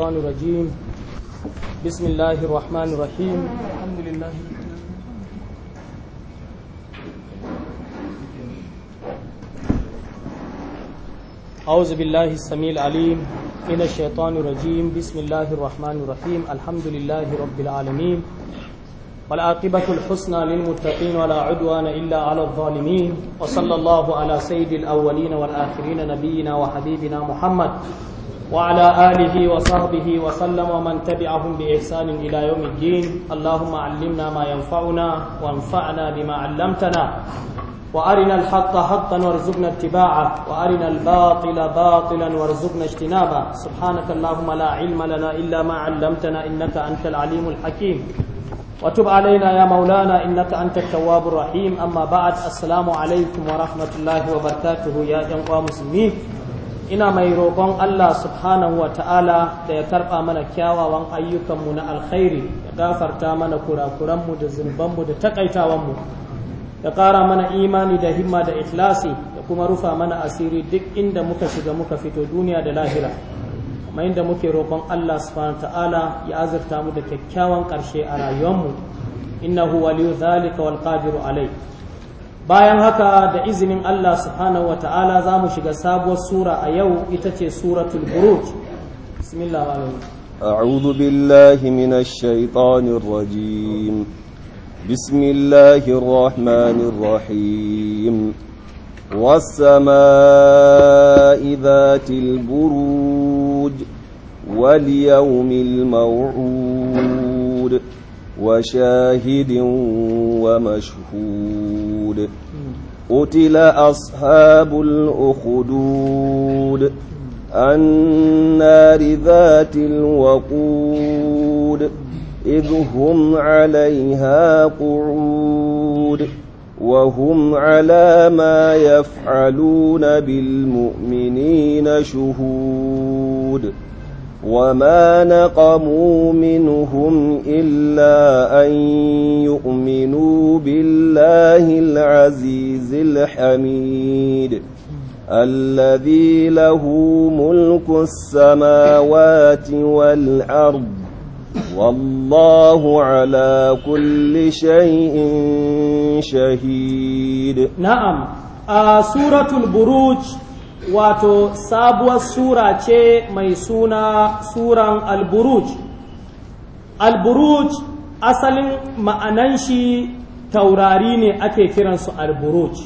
الشيطان الرجيم بسم الله الرحمن الرحيم الحمد لله أعوذ بالله السميع العليم من الشيطان الرجيم بسم الله الرحمن الرحيم الحمد لله رب العالمين والعاقبة الحسنى للمتقين ولا عدوان إلا على الظالمين وصلى الله على سيد الأولين والآخرين نبينا وحبيبنا محمد وعلى آله وصحبه وسلم ومن تبعهم بإحسان إلى يوم الدين اللهم علمنا ما ينفعنا وانفعنا بما علمتنا وأرنا الحق حقا وارزقنا اتباعه وأرنا الباطل باطلا وارزقنا اجتنابه سبحانك اللهم لا علم لنا إلا ما علمتنا إنك أنت العليم الحكيم وتب علينا يا مولانا إنك أنت التواب الرحيم أما بعد السلام عليكم ورحمة الله وبركاته يا جماعة مسلمين ina mai roƙon Allah subhanahu wa ta'ala da ya karɓa mana kyawawan ayyukanmu na alkhairi ya gafarta mana kurakuranmu da zunubanmu da takaitawanmu ya ƙara mana imani da himma da ikhlasi da kuma rufa mana asiri duk inda muka shiga muka fito duniya da lahira kuma inda muke roƙon Allah subhanahu wa ta'ala ya azurta mu da kyakkyawan ƙarshe a rayuwanmu innahu waliyu zalika wal qadiru alai bayan haka da izinin Allah subhanahu wa ta'ala za mu shiga sabuwar sura a yau ita ce suratul buruj bismillah أعوذ بالله من الشيطان الرجيم بسم الله الرحمن الرحيم والسماء ذات البروج واليوم الموعود وشاهد ومشهود قتل أصحاب الأخدود النار ذات الوقود إذ هم عليها قعود وهم على ما يفعلون بالمؤمنين شهود وما نقموا منهم إلا أن يؤمنوا بالله العزيز الحميد الذي له ملك السماوات والأرض والله على كل شيء شهيد نعم آه سورة البروج wato sabuwar sura ce mai suna suran alburuj alburuj asalin ma'anan shi taurari ne ake kiransu alburuj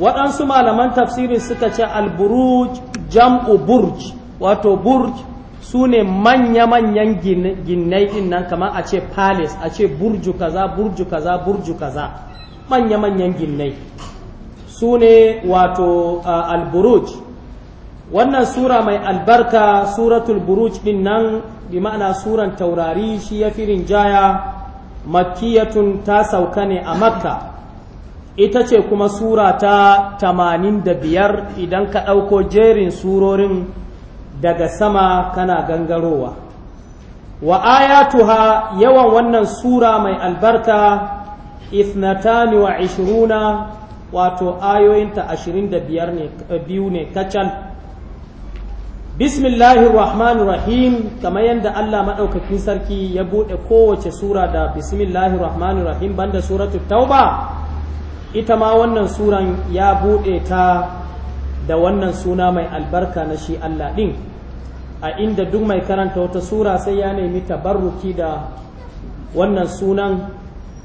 waɗansu malaman tafsirin suka ce alburuj jam'u burj wato burj su ne manya-manyan ginnai din nan kamar a ce palace a ce burju kaza burju kaza burju kaza manya-manyan ginnai su ne wato uh, al-buruj wannan sura mai albarka suratul buruj din nan bi ma'ana suran taurari shi ya firin jaya makkiyatun ta sauka ne a makka ita ce kuma sura ta biyar idan ka ɗauko jerin surorin daga sama kana gangarowa wa ayatuha yawan wannan sura mai albarka isnatani wa wato ayoyinta ashirin da biyar ne eh, biyu ne kacal bismillahir rahmanir rahim kamar yadda Allah maɗaukakin sarki ya buɗe kowace sura da bismillahir rahmanir rahim banda suratu tauba ita ma wannan suran ya buɗe ta da wannan suna mai albarka na shi Allah ɗin a inda duk mai karanta wata sura sai ya nemi tabarruki da wannan sunan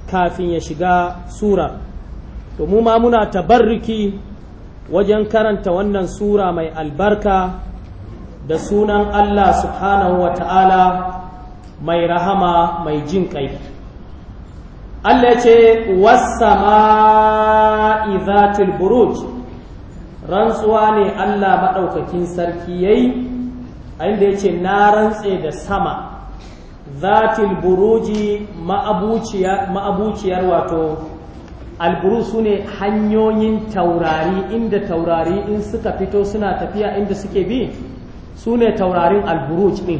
kafin ya shiga surar to mu ma muna tabarruki wajen karanta wannan sura mai albarka da sunan Allah subhanahu wa ta'ala mai rahama mai jin ƙai Allah ce sama'i izatil buruj rantsuwa ne Allah maɗaukakin sarki yayi a inda ya na rantse da sama zatil buruji ma'abuciyar wato alburu su ne hanyoyin taurari inda taurari in suka fito suna tafiya inda suke bi su ne taurarin Alburus ɗin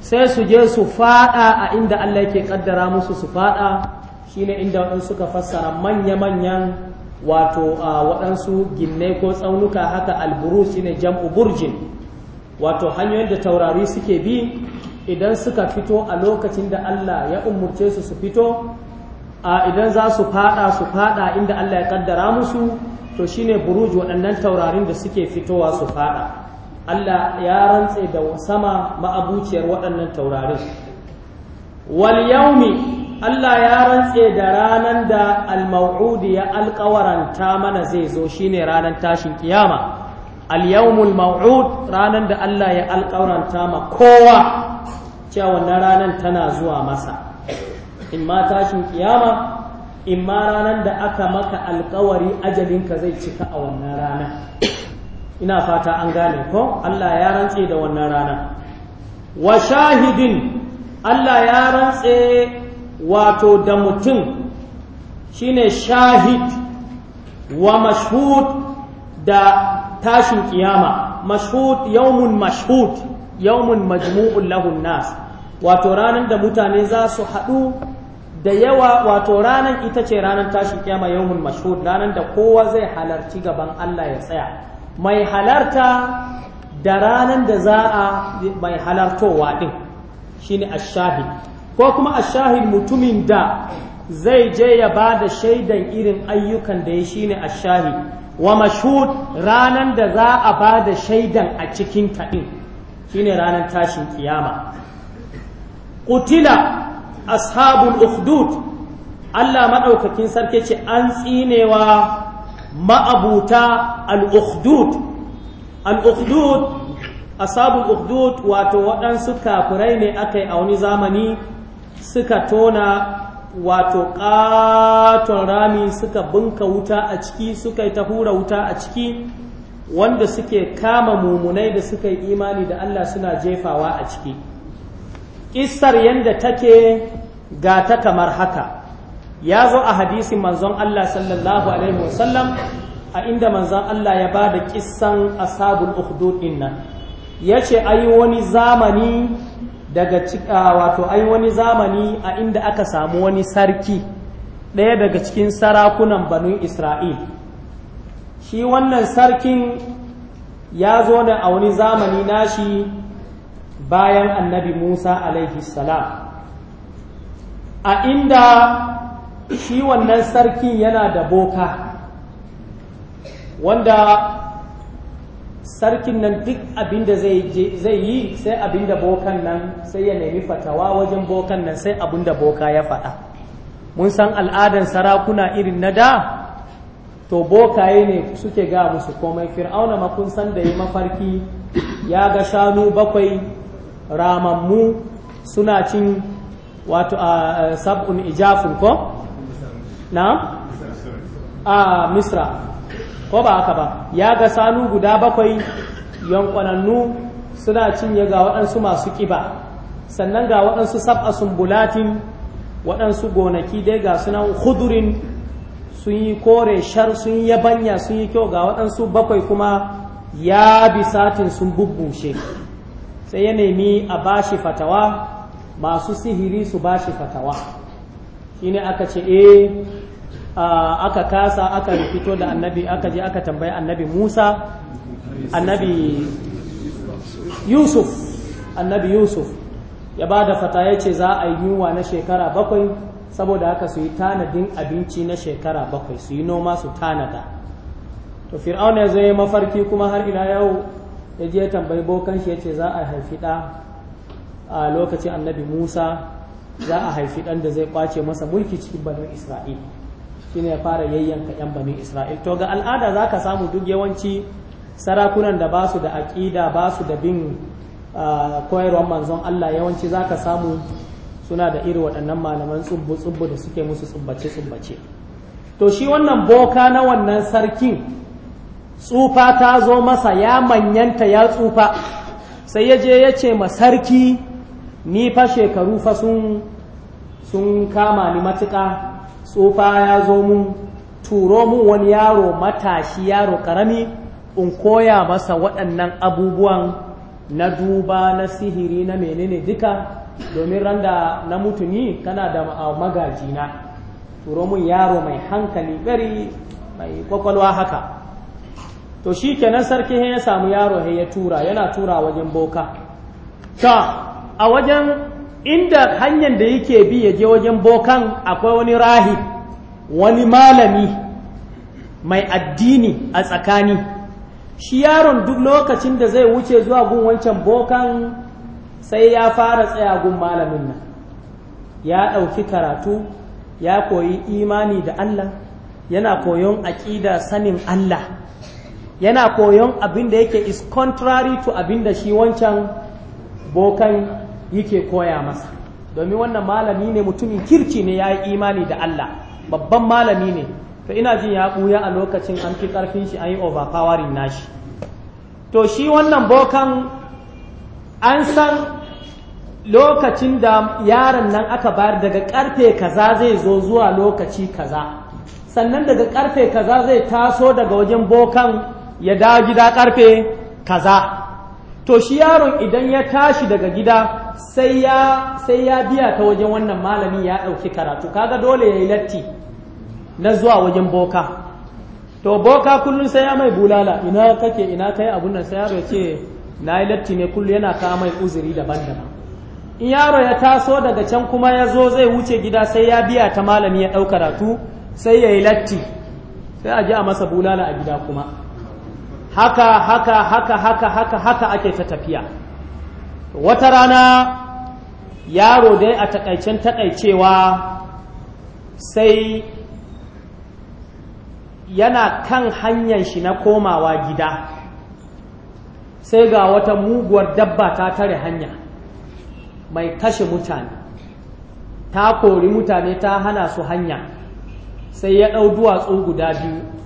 sai su je su faɗa a inda Allah yake kaddara musu su fada ne inda waɗansu suka fassara manya-manyan wato waɗansu ginne ko tsaunuka haka shi ne jam'u burjin wato hanyoyin da taurari suke bi idan suka fito a lokacin da Allah ya umarce su su fito a idan za su fada su fada inda Allah ya kaddara musu to shine buruj waɗannan taurarin da suke fitowa su fada Allah ya rantse da sama ma'abuciyar waɗannan taurarin wal yaumi Allah ya rantse da ranan da al-maw'udi ya alƙawaranta mana zai zo shine ranan tashin kiyama al yaumul maw'ud ranan da Allah ya alƙawaranta ma kowa cewa wannan ranan tana zuwa masa in ma tashin kiyama in ma ranar da aka maka alkawari ajalinka zai cika a wannan rana ina fata an gane ko Allah ya rantse da wannan rana wa shahidin Allah ya rantse wato da mutum shine shahid wa mashhud da tashin kiyama mashhud yawmun mashhud yawmun majmu'un lahun nas wato ranar da mutane za su haɗu da yawa wato ranan ita ce ranar tashin kiyama yawmul mashhud ranan da kowa zai halarci gaban Allah ya tsaya mai halarta da ranan da za a mai halartowa din shine ash-shahid ko kuma ash mutumin da zai je ya ba da shaidan irin ayyukan da ya shine ash-shahid wa mashhud ranan da za a ba da shaidan a cikin ta din shine ranar tashin kiyama qutila ashabul ukhdud Allah maɗaukakin sarki ce an tsinewa ma'abuta al-ukhdud al-ukhdud ashabul ukhdud wato waɗansu kafirai ne akai a wani zamani suka tona wato ƙaton rami suka bunka wuta a ciki suka yi ta hura wuta a ciki wanda suke kama mumunai da suka yi imani da Allah suna jefawa a ciki Ƙisar yadda take ga ta kamar haka, ya zo a hadisin manzon Allah sallallahu Alaihi wasallam a inda manzon Allah ya ba da ƙisan asabul ukhdud ɗin nan. Ya ce, ai wani zamani daga cika, wato ai wani zamani a inda aka samu wani sarki ɗaya daga cikin sarakunan banu Isra'il. Shi wannan sarkin ya zo da a wani zamani nashi bayan annabi Musa alaihi salam a inda shi wannan sarkin yana da boka wanda sarkin nan duk abin zai yi sai abin bokan nan sai ya nemi fatawa wajen bokan nan sai abin boka ya faɗa mun san al'adan sarakuna irin na da to bokaye ne suke ga musu komai fir'auna ma san da ya mafarki ya ga shanu bakwai ramammu suna cin wato a sab'un ijafin ko na a misra ko ba haka ba ya ga sanu guda bakwai yankwanannu suna cinye ga waɗansu masu ƙiba sannan ga waɗansu sab'a sun bulatin waɗansu gonaki dai ga sunan hudurin sun yi kore shar sun yabanya sun yi kyau ga waɗansu bakwai kuma ya bi satin sun bubbushe sai ya nemi a bashi fatawa masu sihiri su bashi fatawa shine aka ce e aka kasa aka fito da annabi aka je aka tambayi annabi Musa annabi Yusuf annabi Yusuf ya ba da fata ya ce za a yi yunwa na shekara bakwai saboda haka su yi tanadin abinci na shekara bakwai su yi noma su tanada to fir'auna ya zai mafarki kuma har ila yau ya je tambayi bokan shi ya ce za a haifi ɗa a lokacin annabi musa za a haifi ɗan da zai kwace masa mulki cikin banin isra'il shine ya fara yayyanka 'yan banin isra'il to ga al'ada za ka samu duk yawanci sarakunan da ba su da aƙida ba su da bin koyarwar manzon allah yawanci za ka samu suna da irin waɗannan malaman tsubbu-tsubbu da suke musu tsubbace-tsubbace to shi wannan boka na wannan sarkin tsufa ta zo masa ya manyanta ya tsufa sai ya je ya ce ma sarki ni fa shekaru fa sun kama ni matuƙa tsufa ya zo mun turo mun wani yaro matashi yaro ƙarami in koya masa waɗannan abubuwan na duba na sihiri na menene duka domin randa na mutuni kana da magajina turo mun yaro mai hankali bari mai kwakwalwa haka to shi kenan sarki ya samu yaro ya tura yana tura wajen boka ta a wajen inda hanyar da yake bi ya je wajen bokan akwai wani rahib wani malami mai addini a tsakani shi yaron duk lokacin da zai wuce zuwa gun wancan bokan sai ya fara tsaya gun malamin nan ya ɗauki karatu ya koyi imani da Allah yana koyon aƙida sanin Allah yana koyon abin da yake is contrary to abin da shi wancan bokan yake koya masa domin wannan malami ne mutumin kirki ne ya yi imani da Allah babban malami ne to ina jin ya ɓuya a lokacin an fi ƙarfin shi an yi overpowering nashi to shi wannan bokan an san lokacin da yaron nan aka bayar daga ƙarfe kaza zai zo zuwa lokaci kaza sannan daga ƙarfe kaza zai taso daga wajen bokan ya dawo gida karfe kaza to shi yaron idan ya tashi daga gida sai ya biya ta wajen wannan malami ya ɗauki karatu kaga dole ya yi latti na zuwa wajen boka to boka kullum sai ya mai bulala ina kake ina kai abun nan sai yaro ya ce na yi latti ne kullum yana kawo mai uzuri daban-daban in yaro ya taso daga can kuma ya zo zai wuce gida sai ya biya ta malami ya ɗau karatu sai ya yi latti sai a ji a masa bulala a gida kuma haka haka haka haka haka haka ake ta tafiya wata rana yaro dai a takaicen takaicewa sai yana kan hanyar shi na komawa gida sai ga wata muguwar dabba ta tare hanya mai kashe mutane ta kori mutane ta hana su hanya sai ya ɗau duwatsu guda biyu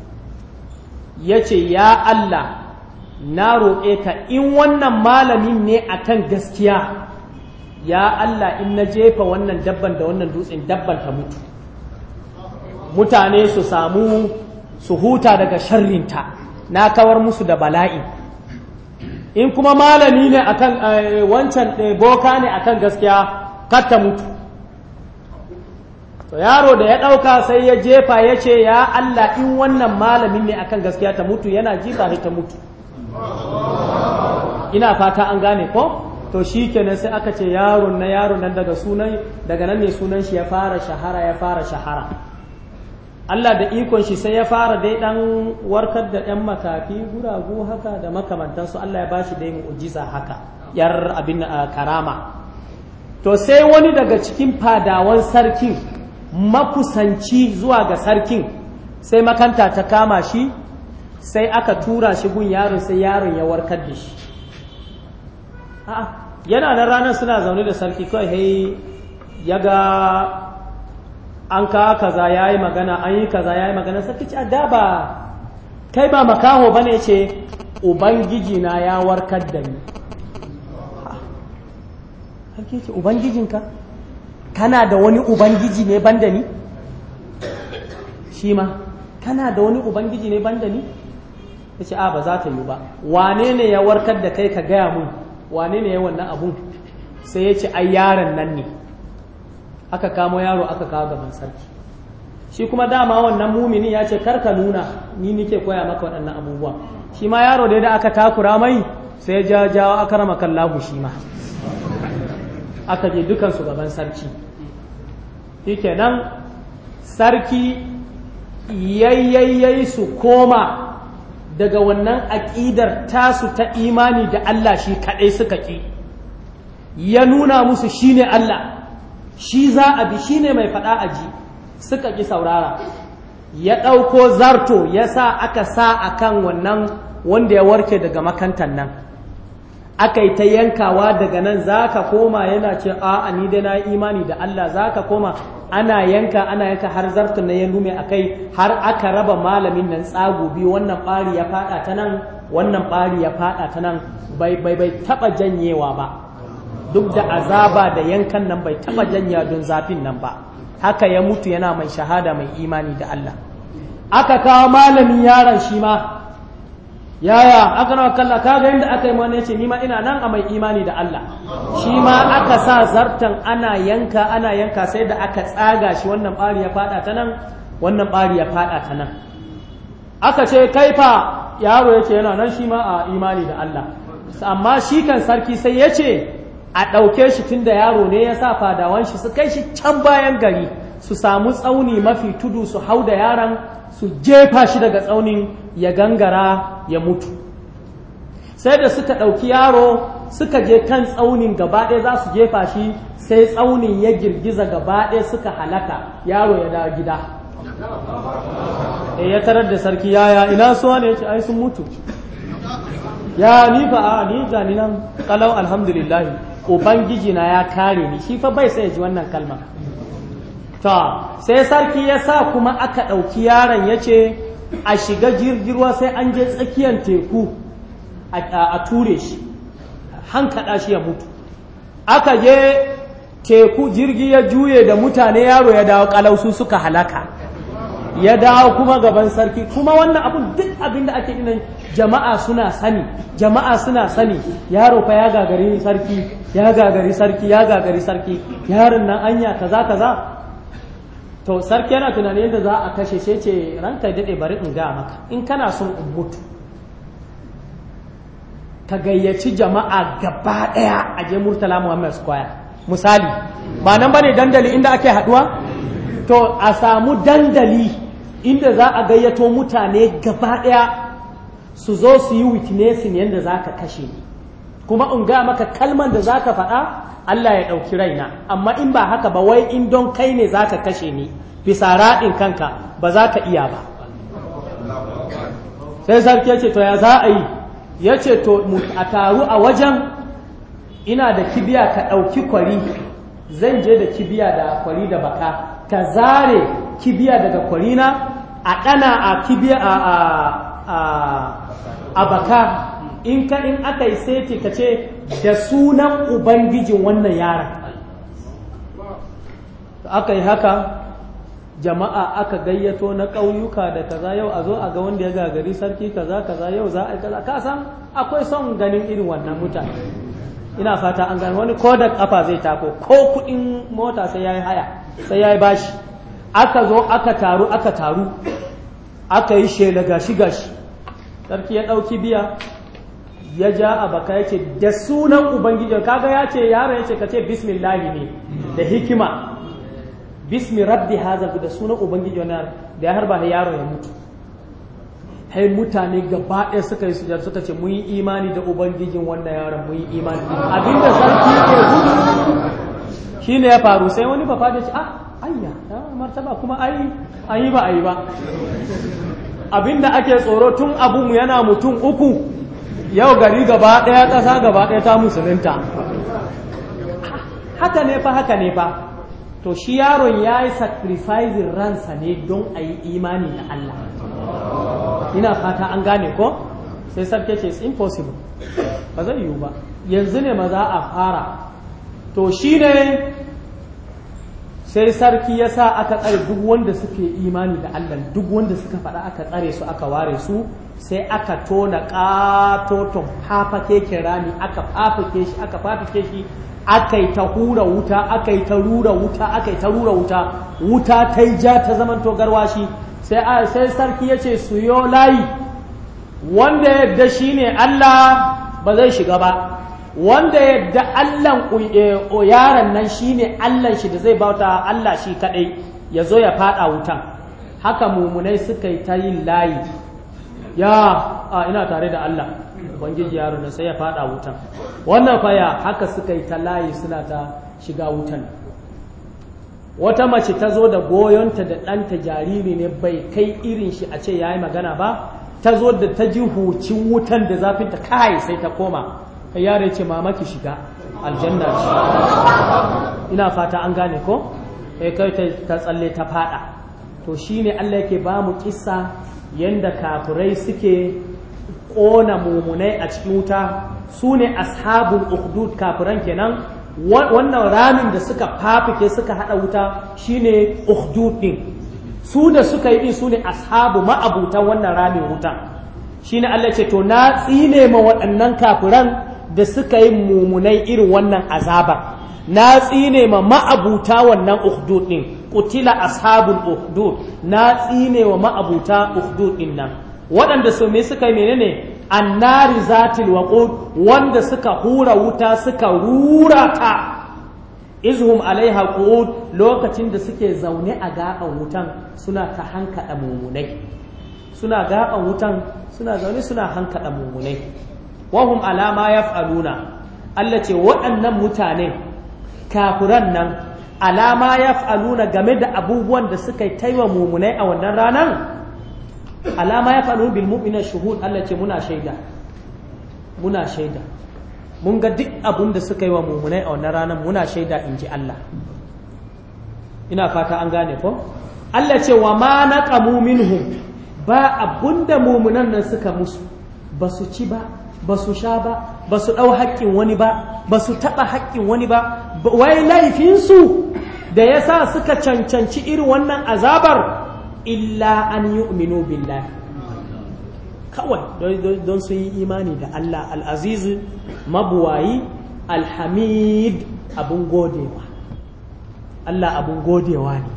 ya ce ya Allah na roƙe ka in wannan malamin ne akan gaskiya ya Allah in na jefa wannan dabban da wannan dutsen dabban ta mutu mutane su samu su huta daga sharrinta na kawar musu da bala'i in kuma malami ne akan eh, wancan eh, boka ne akan gaskiya kar ta mutu to yaro da ya ɗauka sai ya jefa ya ce ya Allah in wannan malamin ne akan gaskiya ta mutu yana jifa shi ta mutu ina fata an gane ko to shi kenan sai aka ce yaron na yaron nan daga sunan daga nan ne sunan shi ya fara shahara ya fara shahara Allah da ikon shi sai ya fara dai dan warkar da yan makafi guragu haka da makamantansu Allah ya bashi dai mu'jiza haka yar abin karama to sai wani daga cikin fadawan sarkin makusanci zuwa ga sarkin sai makanta ta kama shi sai aka tura shi gun yaron sai yaron ya warkar da shi yana nan ranar suna zaune da sarki kawai hey, ya ga an ka kaza ya yi magana an yi kaza ya yi magana sarki ce da ba kai ba makaho ba ne ce ubangiji na ya warkar da ni sarki ce ubangijinka kana da wani ubangiji ne ban da ni shi ma kana da wani ubangiji ne ban da ni ta ce a ba za ta yi ba wane ne ya warkar da kai ka gaya mun wane ne ya wannan abun sai ya ce ai yaron nan ne aka kamo yaro aka kawo gaban sarki shi kuma dama wannan mumini ya ce karka nuna ni nike koya maka waɗannan abubuwa shi ma yaro dai da aka takura mai sai ya jawo aka rama kallahu shi ma aka je dukansu gaban sarki nan, sarki yayyayyai su koma daga wannan aƙidar tasu ta imani da Allah shi kaɗai suka ƙi ya nuna musu shi ne Allah shi za a bi shi ne mai faɗa a ji suka ƙi saurara ya ɗauko zarto ya sa aka sa akan kan wannan wanda ya warke daga makantan nan aka yi ta yankawa daga nan za ka koma yana ce a ni dai na imani da Allah za ka koma ana yanka ana yanka har zartun na ya lume a kai har aka raba malamin nan tsago biyu wannan ɓari ya faɗa ta nan wannan ɓari ya faɗa ta nan bai bai taɓa janyewa ba duk da azaba da yankan nan bai taɓa janyewa don zafin nan ba haka ya mutu yana mai shahada mai imani da Allah aka kawo malamin yaron shi ma yaya aka nawa kalla ga yadda aka yi mana yace ni ina nan a mai imani da Allah shi ma aka sa zartan ana yanka ana yanka sai da aka tsaga shi wannan bari ya fada ta nan wannan bari ya fada ta nan aka ce kai fa, yaro yace yana nan shi ma a imani da Allah amma shi kan sarki sai yace a ɗauke shi tunda yaro ne ya sa fadawan shi su kai shi can bayan gari su samu tsauni mafi tudu su hau da yaran su jefa shi daga tsaunin ya gangara ya mutu sai da suka ɗauki yaro suka je kan tsaunin gaba ɗaya za su jefa shi sai tsaunin ya girgiza gaba suka halaka yaro ya dawo gida eh, ya tarar da sarki yaya ina suwa ne ya ce ai sun mutu ya ni fa a ni gani nan kalau alhamdulillahi ubangiji na ya kare ni shi fa bai sai ya ji wannan kalma ta sai sarki ya sa kuma aka ɗauki yaron ya ce a shiga jirgirwa sai an je tsakiyar teku a ture shi hankaɗa shi ya mutu aka je teku jirgi ya juye da mutane yaro ya dawo kalausu suka halaka ya dawo kuma gaban sarki kuma wannan abun duk abin da ake inan jama'a suna sani jama'a suna sani yaro fa ya gagari sarki ya gagari sarki ya gagari sarki yaron nan anya kaza kaza to sarki yana tunanin yadda za a kashe sai ce ranka daɗe bari in ga maka in kana son in mutu ka gayyaci jama'a gaba ɗaya a je murtala muhammad square misali ba nan ba ne dandali inda ake haɗuwa to a samu dandali inda za a gayyato mutane gaba ɗaya su zo su yi witnessing yadda za ka kashe ni kuma in ga maka kalman da zaka faɗa Allah ya ɗauki raina amma in ba haka ba wai in don kai ne zaka kashe ni bisa raɗin kanka ba za ka iya ba sai sarki ya ce to ya za a yi ya ce to a taru a wajen ina da kibiya ka ɗauki kwari zan je da kibiya da kwari da baka ka zare kibiya daga kwarina a ɗana a kibiya a baka in ka in aka yi seti ka ce da sunan ubangijin wannan yaron aka yi haka jama'a aka gayyato na ƙauyuka da kaza yau a zo a ga wanda ya gagari sarki kaza kaza yau za a yi kaza "Kasan akwai son ganin irin wannan mutane ina fata an gani wani ko da kafa zai tako ko kuɗin mota sai ya yi haya sai ya yi bashi aka zo aka taru aka taru aka yi shela gashi gashi sarki ya ɗauki biya ya ja a baka ya ce da sunan ubangijin kaga ya ce yaro ya ce ka ce bismillahi ne da hikima bismi rabbi haza da sunan ubangijin da ya harba yaro ya mutu hai mutane gaba ɗaya suka yi sujar suka ce mun yi imani da ubangijin wannan yaron mun yi imani abinda sarki ke gudu shi ne ya faru sai wani bafa da ce ah ayya martaba kuma ai ayi ba ayi ba abinda ake tsoro tun abun yana mutum uku yau gari gaba ɗaya ƙasa gaba ɗaya ta musulunta haka ne fa haka ne fa to shi yaron ya yi sacrificing ransa ne don a yi imani da Allah ina fata an gane ko sai sarki ce it's impossible ba zai yiwu ba yanzu ne ma za a fara to shi ne sai sarki ya sa aka tsare duk wanda suke imani da Allah duk wanda suka faɗa aka tsare su aka ware su sai aka tona ƙatoton fafake kirani aka fafake shi aka fafake shi aka yi ta hura wuta aka yi ta rura wuta aka yi ta rura wuta wuta ta yi ja ta zamanto garwashi sai sai sarki ya ce su yo layi wanda yadda shi ne Allah ba zai shiga ba wanda yadda allan eh, yaron nan shine allan shi da zai bauta allah shi kaɗai, ya zo ya fada wutan haka mumunai suka yi ta yin layi ya a ina tare da allah ubangiji yaron nan sai ya fada wutan wannan faya haka suka yi ta layi suna ta shiga wutan wata mace ta zo da goyonta da ɗanta jariri ne bai kai irin shi a ce ya yi magana ba ta zo da ta ji hucin wutan da ta kai sai ta koma sai yaro ce mamaki shiga aljanna ce ina fata an gane ko sai kai ta tsalle ta fada to shine Allah yake ba mu kissa yanda kafirai suke kona mumunai a cikin wuta su ne ashabul ukhdud kafiran kenan wannan ramin da suka fafike suka hada wuta shine ukhdud din su da suka yi din su ne ashabu ma'abutan wannan ramin wuta shine Allah ce to na tsine ma waɗannan kafiran da suka yi mumunai irin wannan azaba na tsine ma ma'abuta wannan uhdud din kutila ashabul uhdud na tsine wa ma'abuta uhdud din nan waɗanda su me suka yi menene annari zatil waqud wanda suka hura wuta suka rura ta izhum alaiha qud lokacin da suke zaune a gaban wutan suna ta hankada mumunai suna gaban wutan suna zaune suna hankada mumunai wahum alama ya faluna Allah ce waɗannan mutane kafiran nan alama ya faluna game da abubuwan da suka yi taiwa mumunai a wannan ranar alama ya faluna bil mu'mina shuhud Allah ce muna shaida muna shaida mun ga duk abun da suka yi wa mumunai a wannan ranar muna shaida in ji Allah ina fata an gane ko Allah ce wa ma naqamu minhum ba abunda mumunan nan suka musu ba su ci ba ba su sha ba ba su ɗau haƙƙin wani ba ba su taɓa haƙƙin wani ba wai laifinsu da ya sa suka cancanci irin wannan azabar illa an yi umino billahi kawai don su yi imani da Allah al'azizu mabuwayi alhamid abun godewa Allah abun godewa ne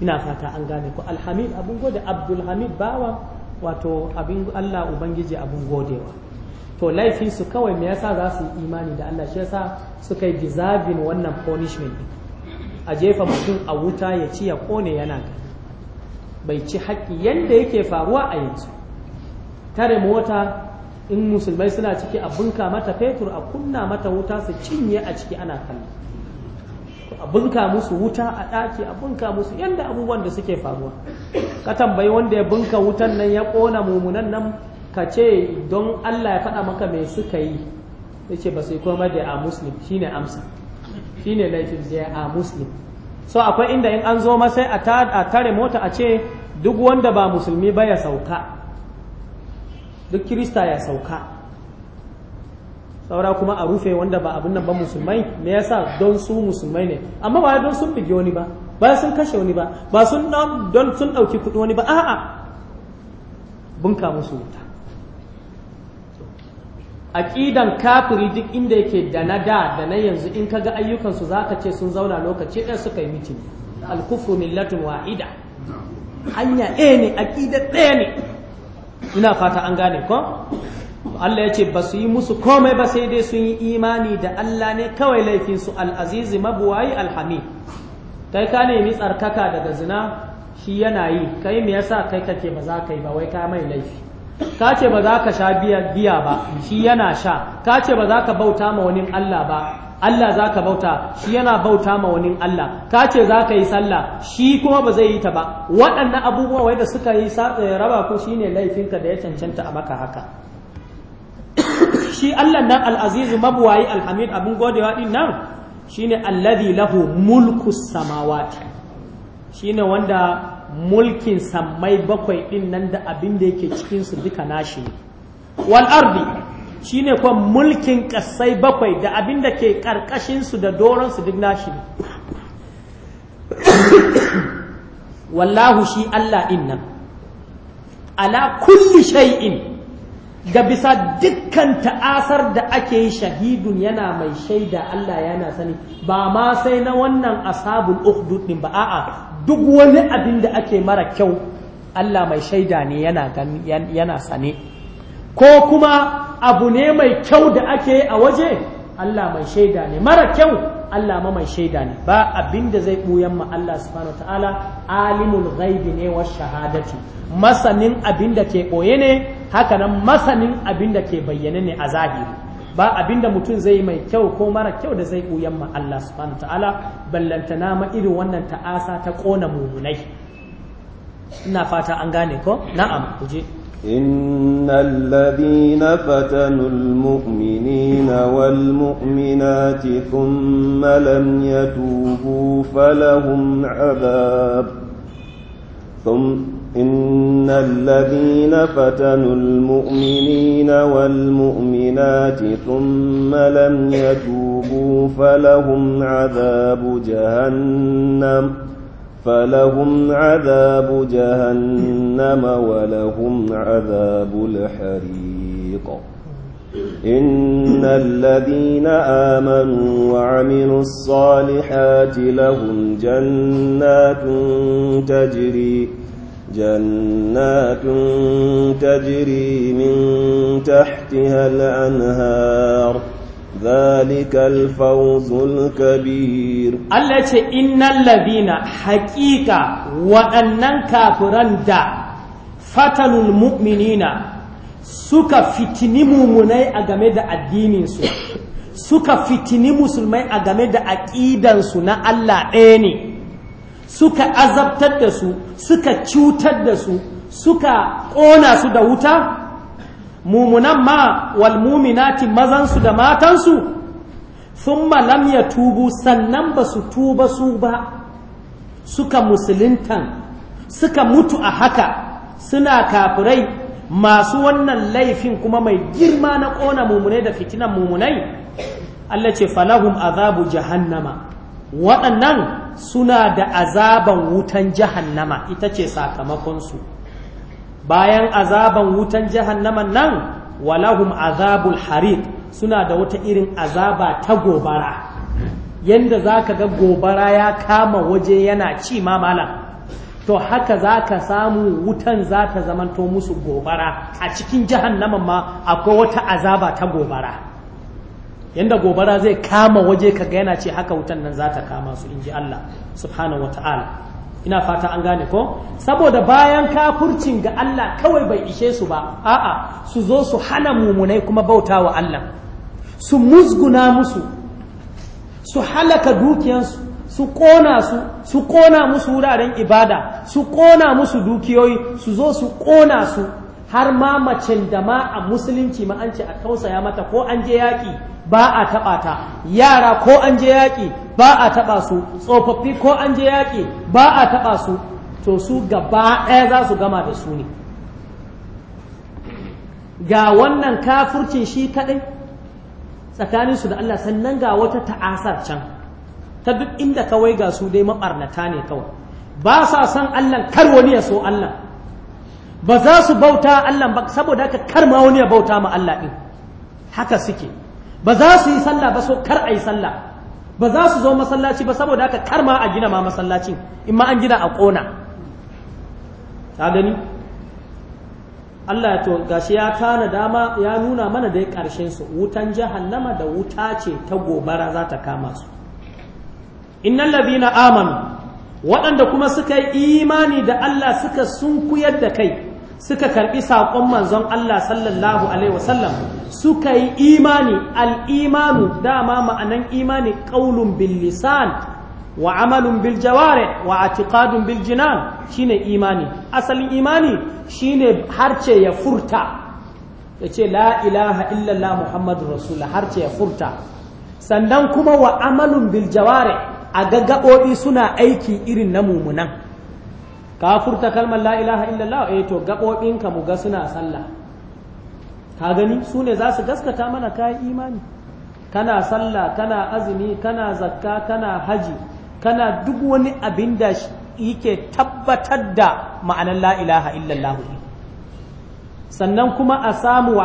ina fata an gane ku alhamid abun gode abdulhamid bawa wato abin Allah ubangiji abun godewa to laifi su kawai me yasa za su yi imani da Allah shi yasa suka yi deserving wannan punishment a jefa mutum a wuta ya ci ya kone yana bai ci haƙƙi yanda yake faruwa a yanzu tare mota in musulmai suna ciki a bunka mata fetur a kunna mata wuta su cinye a ciki ana kallo a bunka musu wuta a ɗaki a bunka musu yanda abubuwan da suke faruwa ka tambayi wanda ya bunka wutan nan ya ƙona mumunan nan ka ce don Allah ya faɗa maka mai suka yi ya ce ba su yi komai da a muslim shine amsa shine laifin da a muslim so akwai inda in an zo ma sai a tare mota a ce duk wanda ba musulmi ba ya sauka duk kirista ya sauka saura kuma a rufe wanda ba abin nan ba musulmai me yasa don su musulmai ne amma ba don sun bige wani ba ba sun kashe wani ba ba sun don sun dauki kudi wani ba a'a bunka musu wuta aqidan kafiri duk inda yake da na da da na yanzu in kaga ayyukansu zaka ce sun zauna lokaci ɗaya suka yi mitin al-kufru millatun wahida hanya ɗaya ne aqida ɗaya ne ina fata an gane ko Allah ya ce ba su yi musu komai ba sai dai sun yi imani da Allah ne kawai laifinsu al'azizi mabuwayi alhami kai ka nemi tsarkaka daga zina shi yana yi kai me yasa kai kake ba za ka yi ba wai ka mai laifi ka ce ba za ka sha biya ba shi yana sha ka ce ba za ka bauta ma wani Allah ba Allah za ka bauta shi yana bauta ma wani Allah ka ce za ka yi sallah shi kuma ba zai yi ta ba waɗannan abubuwa wai da suka yi eh, raba ku shine laifinka da ya cancanta a maka haka shi Allah nan al'azizu mabuwayi alhamid abin godewa ɗin nan shine allazi lahu mulku samawati shine wanda mulkin sammai bakwai ɗin nan da abin da yake cikinsu duka nashi ne wal ardi shi ne kuma mulkin ƙasai bakwai da abin da ke ƙarƙashinsu da doronsu duk nashi wallahu shi Allah ɗin nan ala kulli shay'in ga bisa dukkan ta'asar da ake yi shahidun yana mai shaida Allah yana sani ba ma sai na wannan asabul ukhdud din ba a'a duk wani abin da ake mara kyau Allah mai shaida ne yana sane ko kuma abu ne mai kyau da ake a waje Allah mai shaida ne mara kyau Allah ma mai shaida ne ba abin da zai ɓuyan ma Allah subhanahu ta'ala alimul ghaibi ne wa shahadati masanin abin da ke ɓoye ne hakanan masanin abin da ke bayyane ne a zahiri ba abinda mutum zai mai kyau ko mara kyau da zai ɓuyan ma Allah subhanahu ta'ala ballantana ma irin wannan ta'asa ta ƙona mummunai. ina fata an gane ko na'am kuje إن الذين فتنوا المؤمنين والمؤمنات ثم لم يتوبوا فلهم عذاب ثم إن الذين فتنوا المؤمنين والمؤمنات ثم لم يتوبوا فلهم عذاب جهنم فلهم عذاب جهنم ولهم عذاب الحريق إن الذين آمنوا وعملوا الصالحات لهم جنات تجري جنات تجري من تحتها الأنهار ذلك الفوز الكبير التي إن الذين حقيقة وأن كافران دا فتن المؤمنين سكا فتني مؤمني أجمد الدين سكا فتني مسلمي أجمد أكيدا سنا الله أني suka azabtar da su suka cutar da su suka ƙona su da wuta mumunan ma walmuminati mazansu da matansu sun lam ya tubu sannan ba su tuba su ba suka musuluntan suka mutu a haka suna kafirai masu wannan laifin kuma mai girma na ƙona mumunai da fitinan mumunai Allah falahun azabu jahannama waɗannan suna da azaban wutan jahannama ita ce sakamakon su. bayan azaban wutan jahannaman nan walahum azabul harid suna da wata irin azaba ta gobara yanda za ka ga gobara ya kama waje yana ci ma malam to haka zaka samu wutan za ta zamanto musu gobara a cikin jahannaman ma akwai wata azaba ta gobara yanda gobara zai kama waje ka ga yana ce haka wutan nan za ta kama su inji Allah subhanahu wata'ala ina fata an gane ko saboda bayan kafurcin ga Allah kawai bai ishe su ba a'a su zo su hana mumunai kuma bauta wa Allah su musguna musu su halaka dukiyansu su kona su su kona musu wuraren ibada su kona musu dukiyoyi su zo su kona su har ma macen da ma a musulunci ma an ce a tausaya mata ko an je yaƙi ba a taɓa ta yara ko an je yaƙi ba a taɓa su tsofaffi ko an je yaƙi ba a taɓa su to su gaba ɗaya za su gama da su ne ga wannan kafurcin shi kaɗai tsakaninsu da Allah sannan ga wata ta'asar can ta duk inda kawai ga su dai maɓarnata ne kawai ba sa son Allah kar wani ya so Allah ba za su bauta Allah ba saboda haka kar ma wani ya bauta ma Allah din haka suke ba za su yi sallah ba so kar a yi sallah ba za su zo masallaci ba saboda haka kar ma a gina ma masallacin in ma an gina a ƙona. ta gani Allah ya to gashi ya tana dama ya nuna mana da ya karshen su wutan jahannama da wuta ce ta gobara za ta kama su innal ladina amanu waɗanda kuma suka yi imani da Allah suka sunkuyar da kai suka karbi saƙon manzon Allah sallallahu alaihi wasallam suka yi imani imanu dama ma'anan imani ƙaulun bil lisan wa amalun bil jaware wa atiqadun bil jinan shine imani asalin imani shine harce ya furta yace la ilaha illallah muhammadur rasulullah harce ya furta sannan kuma wa amalun bil jaware a gaggabobi suna aiki irin na mumunan ka furta kalmar la ilaha illallah eh to ka mu ga suna sallah ka gani su ne za su gaskata mana kayan imani kana sallah kana azumi kana zakka kana haji kana duk wani abin da yake tabbatar da ma'anar la ilaha illallah sannan kuma a samu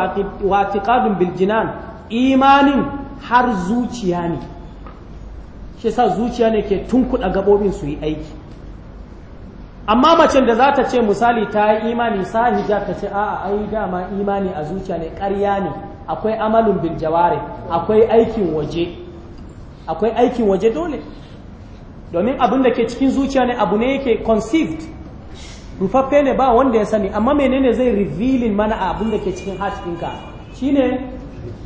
watiqadun biljinan imanin har zuciya ne shi sa zuciya ne ke tunkuɗa gabobin su yi aiki amma macen da za ta ce misali ta yi imani sa hijab ta ce a'a ai dama imani a zuciya ne ƙarya ne akwai amalin bin jaware, akwai aikin waje akwai aikin waje dole domin abin da ke cikin zuciya ne abu ne yake conceived rufaffe ne ba wanda ya sani amma menene zai revealing mana abin da ke cikin heart ɗinka shine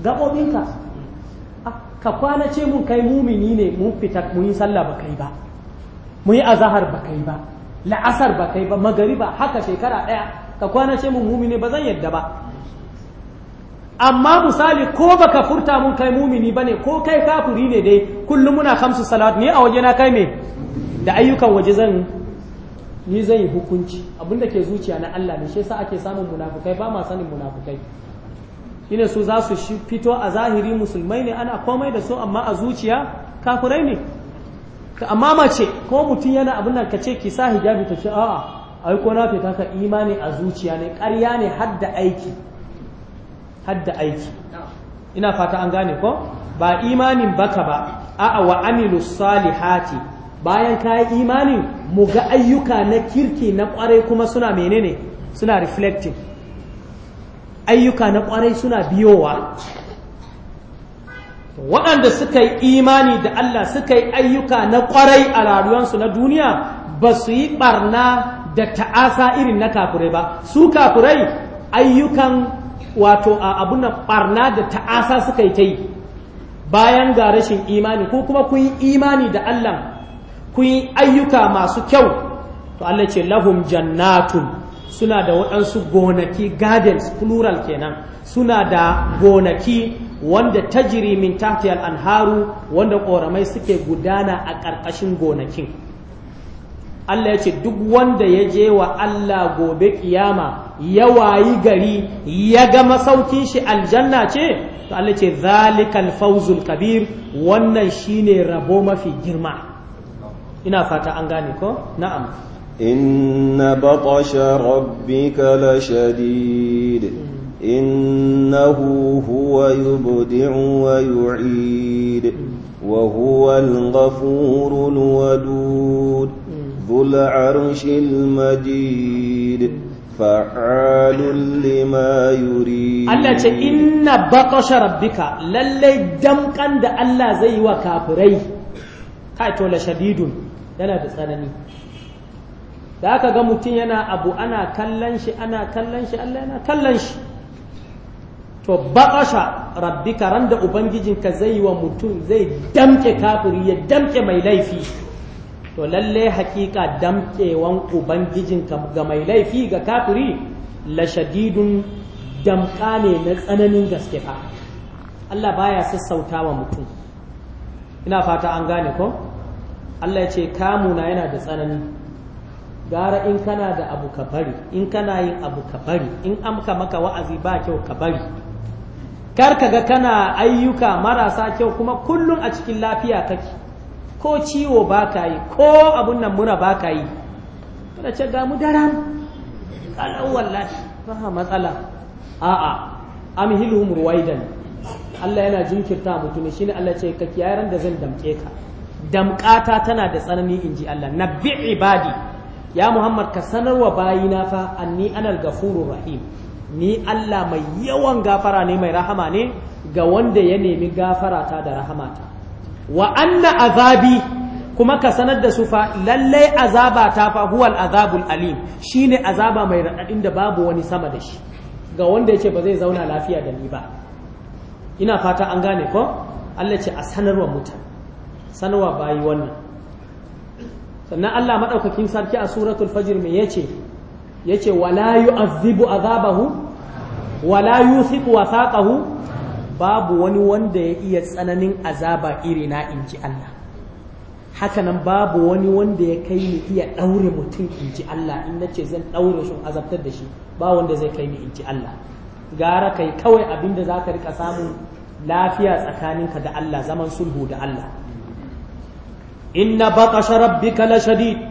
gaɓoɓinka ah, ka kwana ce mun kai mumini ne mun fita mun yi sallah ba kai ba mun yi azahar ba kai ba la'asar ba kai ba magariba haka shekara ɗaya ka kwana ce mun mumini ba zan yadda ba amma misali ko baka furta mun kai mumini ne ko kai kafuri ne dai kullum muna kamsu salatu ni a waje na kai me da ayyukan waje zan ni zan yi hukunci abinda ke zuciya na Allah ne shi yasa ake samun munafukai ba ma sanin munafukai shine su za su fito a zahiri musulmai ne ana komai da su amma a zuciya kafurai ne amma mace ko mutum yana abin nan ka ce ki sa hijabi ta ce a'a ai ko na fita ka imani a zuciya ne karya ne hadda aiki hadda aiki ina fata an gane ko ba imanin baka ba a'a wa amilu salihati bayan ka yi imanin mu ga ayyuka na kirki na kwarai kuma suna menene suna reflecting ayyuka na kwarai suna biyowa waɗanda suka yi imani da Allah suka yi ayyuka na ƙwarai a rayuwarsu na duniya ba su yi ɓarna da ta'asa irin na kafirai ba su kafirai ayyukan wato a abuna ɓarna da ta'asa suka yi ta yi bayan ga rashin imani ko kuma kun yi imani da Allah kun yi ayyuka masu kyau to Allah ce lahum jannatun suna da waɗansu gonaki gardens plural kenan suna da gonaki wanda tajiri min tahti al-anharu wanda koramai suke gudana a ƙarƙashin gonakin Allah ya ce duk wanda ya je wa Allah gobe kiyama ya wayi gari ya ga masaukin shi aljanna ce to Allah ce zalikal fawzul kabir wannan shine rabo mafi girma ina fata an gane ko na'am inna batasha rabbika lashadid إنه هو يبدع ويعيد وهو الغفور الودود ذو العرش المجيد فعال لما يريد الله ce inna baqasha rabbika lallai damkan da Allah zai wa kafirai kai to la da tsanani da aka ga mutum yana abu ana kallon shi ana kallon shi Allah yana kallon shi to baƙasha rabbi randa da ka zai wa mutum zai damke kafiri ya damke mai laifi to lalle hakika damkewan ubangijinka ga mai laifi ga kafiri la shadidun damka ne na tsananin gaske fa Allah baya sassauta wa mutum ina fata an gane ko Allah ya ce na yana da tsanani gara in kana da abu ka bari in kana yin abu ka bari in amka maka wa'azi ba kyau ka bari kar ka ga kana ayyuka marasa kyau kuma kullum a cikin lafiya kake ko ciwo ba ka yi ko abun nan mura ba ka yi kada ce ga mu daren kalau wallahi ba matsala a'a amhilhum ruwaidan Allah yana jinkirta mutum shine Allah ce ka kiyaye ran da zan damke ka damkata tana da tsanani inji Allah nabbi ibadi ya Muhammad ka sanarwa bayina fa anni anal ghafurur rahim ni Allah mai yawan gafara ne mai rahama ne ga wanda ya nemi gafarata da rahamata wa anna azabi kuma ka sanar da su fa lallai azaba ta fa huwal azabul alim shine azaba mai raɗaɗin da babu wani sama da shi ga wanda yace ba zai zauna lafiya da ni ba ina fata an gane ko Allah ce a sanarwa mutan sanarwa bayi wannan sannan Allah madaukakin sarki a suratul fajr me yace yace wala yu'azzibu azabahu wala yuthiqu wathaqahu babu wani wanda ya iya tsananin azaba iri na inji Allah hakanan babu wani wanda ya kai ni iya daure mutum inji Allah in nace zan daure shi azabtar da shi ba wanda zai kai ni inji Allah gara kai kawai abinda zaka rika samun lafiya tsakaninka da Allah zaman sulhu da Allah inna batasha rabbika la shadid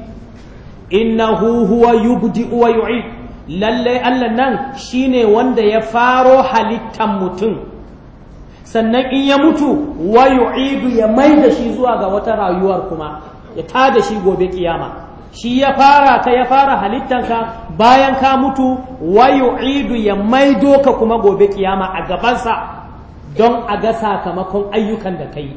innahu huwa yubdi wa yu'id lallai Allah nan shine wanda ya faro halittan mutum sannan in ya mutu wa yu'idu ya mai da shi zuwa ga wata rayuwar kuma ya ta da shi gobe kiyama shi ya fara ka ya fara halittanka bayan ka mutu wa yu'idu ya maido ka kuma gobe kiyama a gabansa don a ga sakamakon ayyukan da yi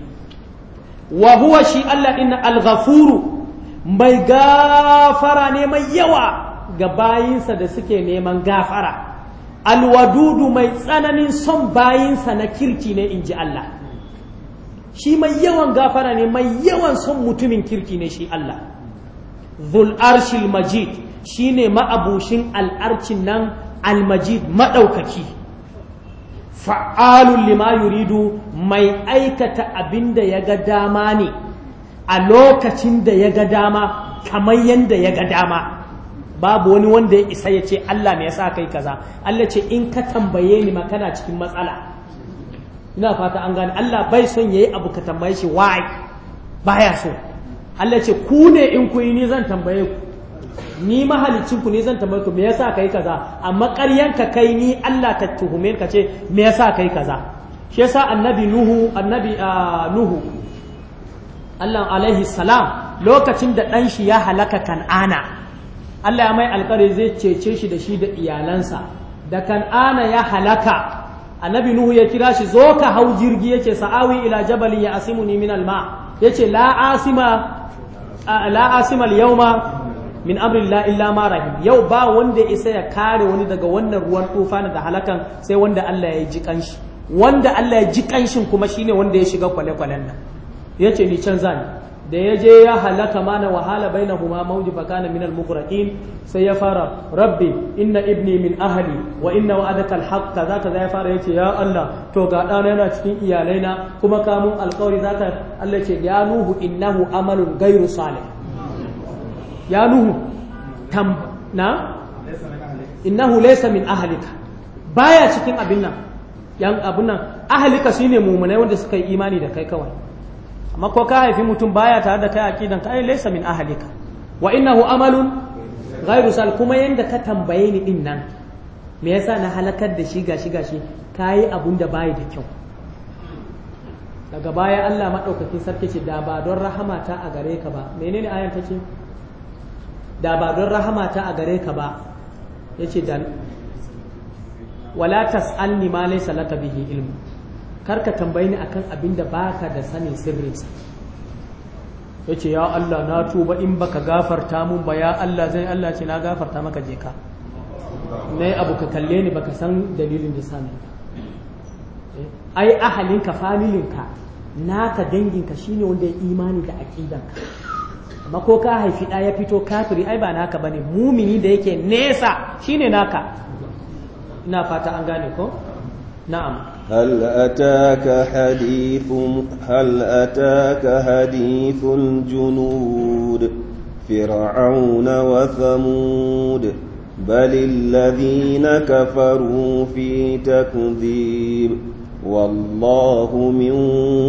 wa huwa shi Allah ina al-ghafuru mai gafara ne mai yawa ga bayinsa da suke neman gafara alwadudu mai tsananin son bayinsa na kirki ne in ji Allah shi mai yawan gafara ne mai yawan son mutumin kirki ne shi Allah zul majid shi ne ma'abushin al'arcin nan almajid maɗaukaki fa'alun lima yuridu mai aikata abin da ya ga dama ne a lokacin da ya ga dama kamar yadda ya ga dama babu wani wanda ya isa ya ce Allah me yasa kai kaza Allah ce in ka tambaye ni ma kana cikin matsala ina fata an gane Allah bai son yayi abu ka tambaye shi why baya so Allah ce ku ne in ku yi ni zan tambaye ku ni mahalicin ku ne zan tambaye ku me yasa kai kaza amma ƙaryan ka kai ni Allah ta tuhume ka ce me yasa kai kaza shi yasa annabi nuhu annabi ah, nuhu Allah alaihi salam lokacin da ɗan shi ya halaka kan'ana Allah ya mai alkari zai cece shi da shi da iyalansa da kan'ana ya halaka annabi nuhu ya kira shi zo ka hau jirgi yace sa'awi ila jabalin ya ni min alma yace la asima la asima min amrillah illa ma rahim yau ba wanda isa ya kare wani daga wannan ruwan na da halakan sai wanda Allah ya ji kanshi wanda Allah ya ji kanshin kuma shi ne wanda ya shiga kwale-kwalen nan yace ni can zani da ya je ya halaka mana wahala bainahuma mawji fa kana minal mughraqin sai ya fara rabbi inna ibni min ahali, wa inna wa'adaka alhaq kaza kaza ya fara yace ya Allah to ga dana yana cikin iyalaina kuma ka mun alƙawari zaka Allah ce ya nuhu innahu amalun gairu salih ya nuhu tam na innahu laysa min ahlika baya cikin abin nan yan abin nan ahlika shine mumunai wanda suka yi imani da kai kawai amma ko ka haifi mutum baya tare da kai aqidan ka ai laysa min ahlika wa innahu amalun ghairu sal kuma yanda ka tambaye ni din nan me yasa na halakar da shi gashi gashi kayi abun da bayi da kyau daga baya Allah madaukakin sarki ce da ba don rahama ta a gare ka ba menene ayan ta ce da ba don rahama ta a gare ka ba yace da wala tas'alni ma laysa laka bihi ilmu kar ka tambayi ni akan abin da baka da sanin sirrinsa yace ya Allah na tuba in baka gafarta mun ba ya Allah zai Allah ce na gafarta maka je ka nayi abu ka kalle ni baka san dalilin da sani eh, ai ahalinka ka naka ka shine wanda ya imani da ka amma ko ka haifi ɗaya fito kafiri ai ba naka bane mumini da yake nesa shine naka ina fata an gane ko na'am هل أتاك حديث هل أتاك حديث الجنود فرعون وثمود بل الذين كفروا في تكذيب والله من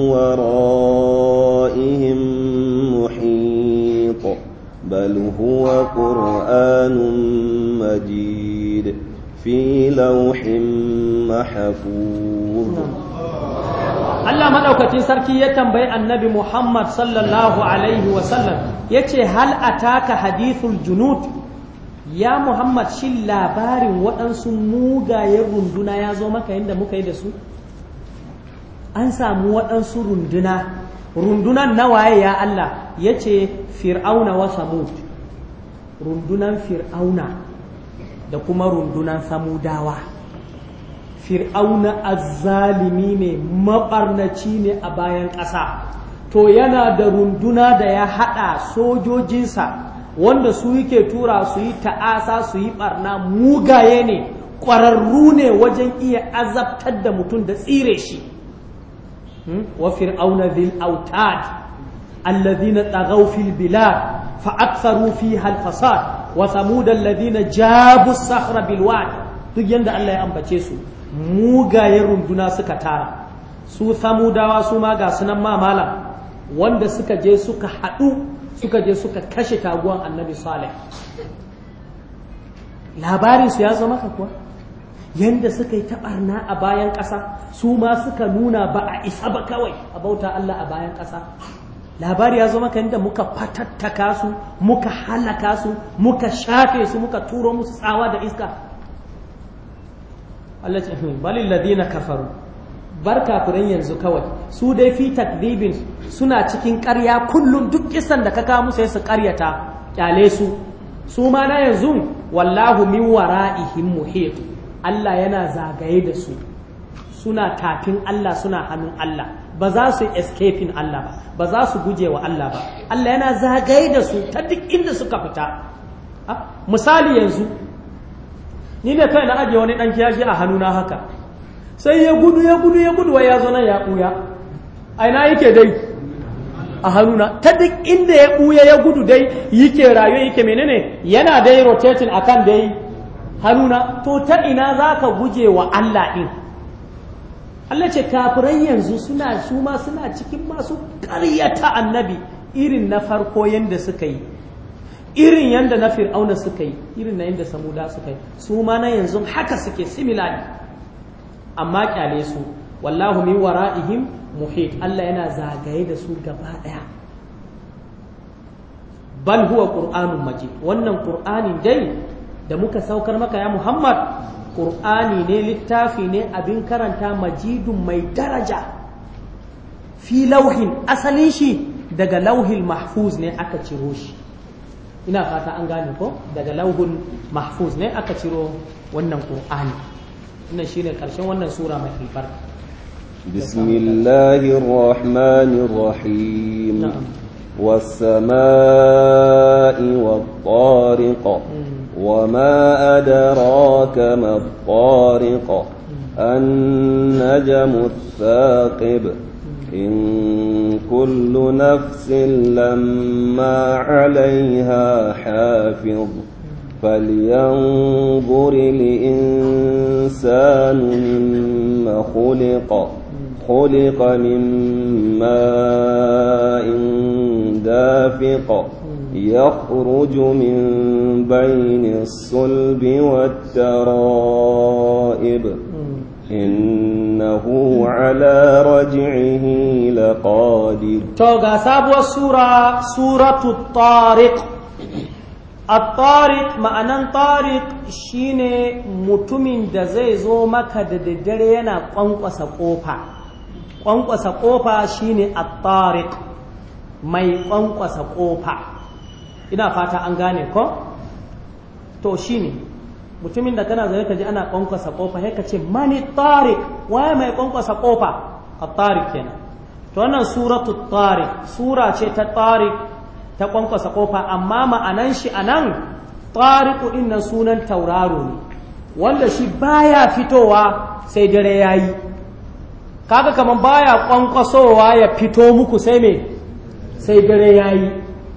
ورائهم محيط بل هو قرآن مجيد fi lauhin mahfuz Allah madaukakin sarki ya tambayi annabi Muhammad sallallahu alaihi wasallam ce, hal ataka hadithul junud ya Muhammad shin labarin waɗansu mugayen runduna ya zo maka yadda muka yi da su an samu waɗansu runduna rundunan nawaye ya Allah ya ce fir'auna wa samud rundunan fir'auna da kuma rundunan samudawa fir'auna azzalimi ne mabarnaci ne a bayan ƙasa to yana da runduna da ya haɗa sojojinsa wanda su yake tura su yi ta'asa su yi ɓarna mugaye ne ƙwararru ne wajen iya azabtar da mutum da tsire shi hmm? wa fir'auna zil autad alladhina tsagau fil bilad fa aktharu fiha hal fasad wa samud alladhina jabu Safra Bilwad duk yanda Allah ya ambace su mugayen runduna suka tara su samudawa su ma ga sunan ma malam wanda suka je suka haɗu suka je suka kashe taguwan annabi salih labarin su ya zama ka kuwa yanda suka yi taɓarna a bayan ƙasa su ma suka nuna ba a isa ba kawai a bauta Allah a bayan ƙasa labari ya zo maka inda muka fatattaka su muka halaka su muka shafe su muka turo musu tsawa da iska Allah ce hmm, balil ladina kafaru bar kafiran yanzu kawai su dai fi takdibin suna cikin ƙarya kullum duk kisan da ka kawo musu sai su ƙaryata kyale su su ma na yanzu wallahu min wara'ihim muhit Allah yana zagaye da su suna tafin Allah suna hannun Allah ba za su escaping Allah ba ba za su guje wa Allah ba Allah yana zagaye da su ta duk inda suka fita misali yanzu ni ne kai na ajiye wani dan kiyashi a hannuna haka sai ya gudu ya gudu ya gudu ya zo nan ya buya a ina yake dai a hannuna ta duk inda ya buya ya gudu dai yake rayuwa yake menene yana dai rotating akan dai hannuna to ta ina zaka guje wa Allah din Allah ce kafiran yanzu suna su ma suna cikin masu ƙaryata annabi irin na farko yanda suka yi irin yanda na fir'auna suka yi irin na yanda samuda suka yi su ma na yanzu haka suke similar amma kyale su wallahu min wara'ihim muhit Allah yana zagaye da su gaba daya bal huwa qur'anun majid wannan qur'anin dai da muka saukar maka ya Muhammad Qur'ani ne littafi ne abin karanta majidun mai daraja fi lauhin asalin shi daga lauhin mahfuz ne aka ciro shi ina fata an gane ko daga lauhin mahfuz ne aka ciro wannan Qur'ani wannan shine karshen wannan sura mai albarka بسم الله الرحمن الرحيم والسماء والطارق وما أدراك ما الطارق النجم الثاقب إن كل نفس لما عليها حافظ فلينظر الإنسان مما خلق خلق من ماء دافق يخرج من بين الصلب والترائب إنه على رجعه لقادر توقع سابوة سورة سورة الطارق الطارق ma'anan tariq shine mutumin da zai zo maka da daddare yana kwankwasa kofa kwankwasa kofa shine at-tariq mai kwankwasa ƙofa ina fata an gane ko to shine mutumin da kana zane ka ji ana kwankwasa kofa sai ka ce mani tariq waye mai kwankwasa kofa at-tariq kenan to wannan suratu tariq sura ce ta tariq ta kwankwasa kofa amma ma'anan shi nan tariq din nan sunan tauraro ne wanda shi baya fitowa sai dare yayi kaga kaman baya ƙwanƙwasowa ya fito muku sai me sai dare ya yi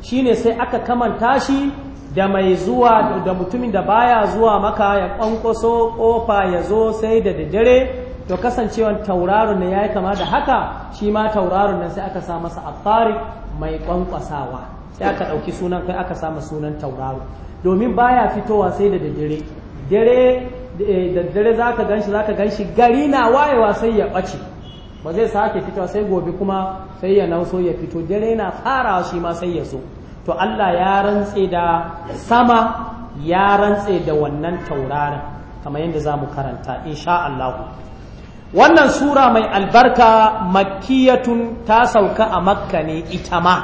shi ne sai aka kamanta shi da mai zuwa da mutumin da baya zuwa maka ya ƙwanƙwaso ƙofa ya zo sai da dare to kasancewan tauraron ne ya yi kama da haka shi ma tauraron nan sai aka sa masa afari mai ƙwanƙwasawa sai aka ɗauki sunan kai aka sama sunan tauraro domin baya fitowa sai da dare dare eh, da dare za ka gari na wayewa sai ya ɓace ba zai sake fitowa sai gobe kuma sai ya nauso ya fito dare na fara shi ma sai ya zo to Allah ya rantse da sama ya rantse da wannan taurarin, kamar yadda za mu karanta insha Allah wannan sura mai albarka makkiyatun ta sauka a makka ne ita ma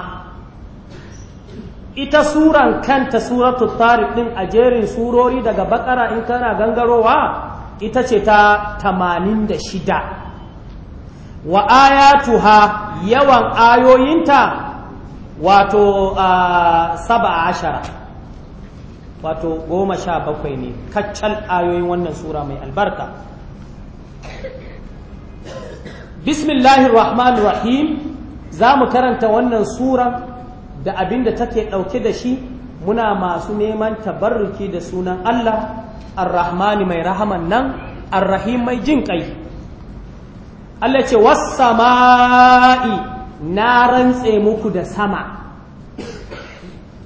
ita suran kanta suratul tariq din a jerin surori daga bakara in kana gangarowa ita ce ta 86 wa ayatuha yawan ayoyinta wato saba ashara wato goma sha bakwai ne kaccal ayoyin wannan sura mai albarka bismillahir rahmanir rahim za mu karanta wannan sura da abin da take ɗauke da shi muna masu neman tabarruki da sunan allah ar-rahmani mai rahaman nan ar-rahim mai jin ƙai Allah ce sama'i na rantse muku da sama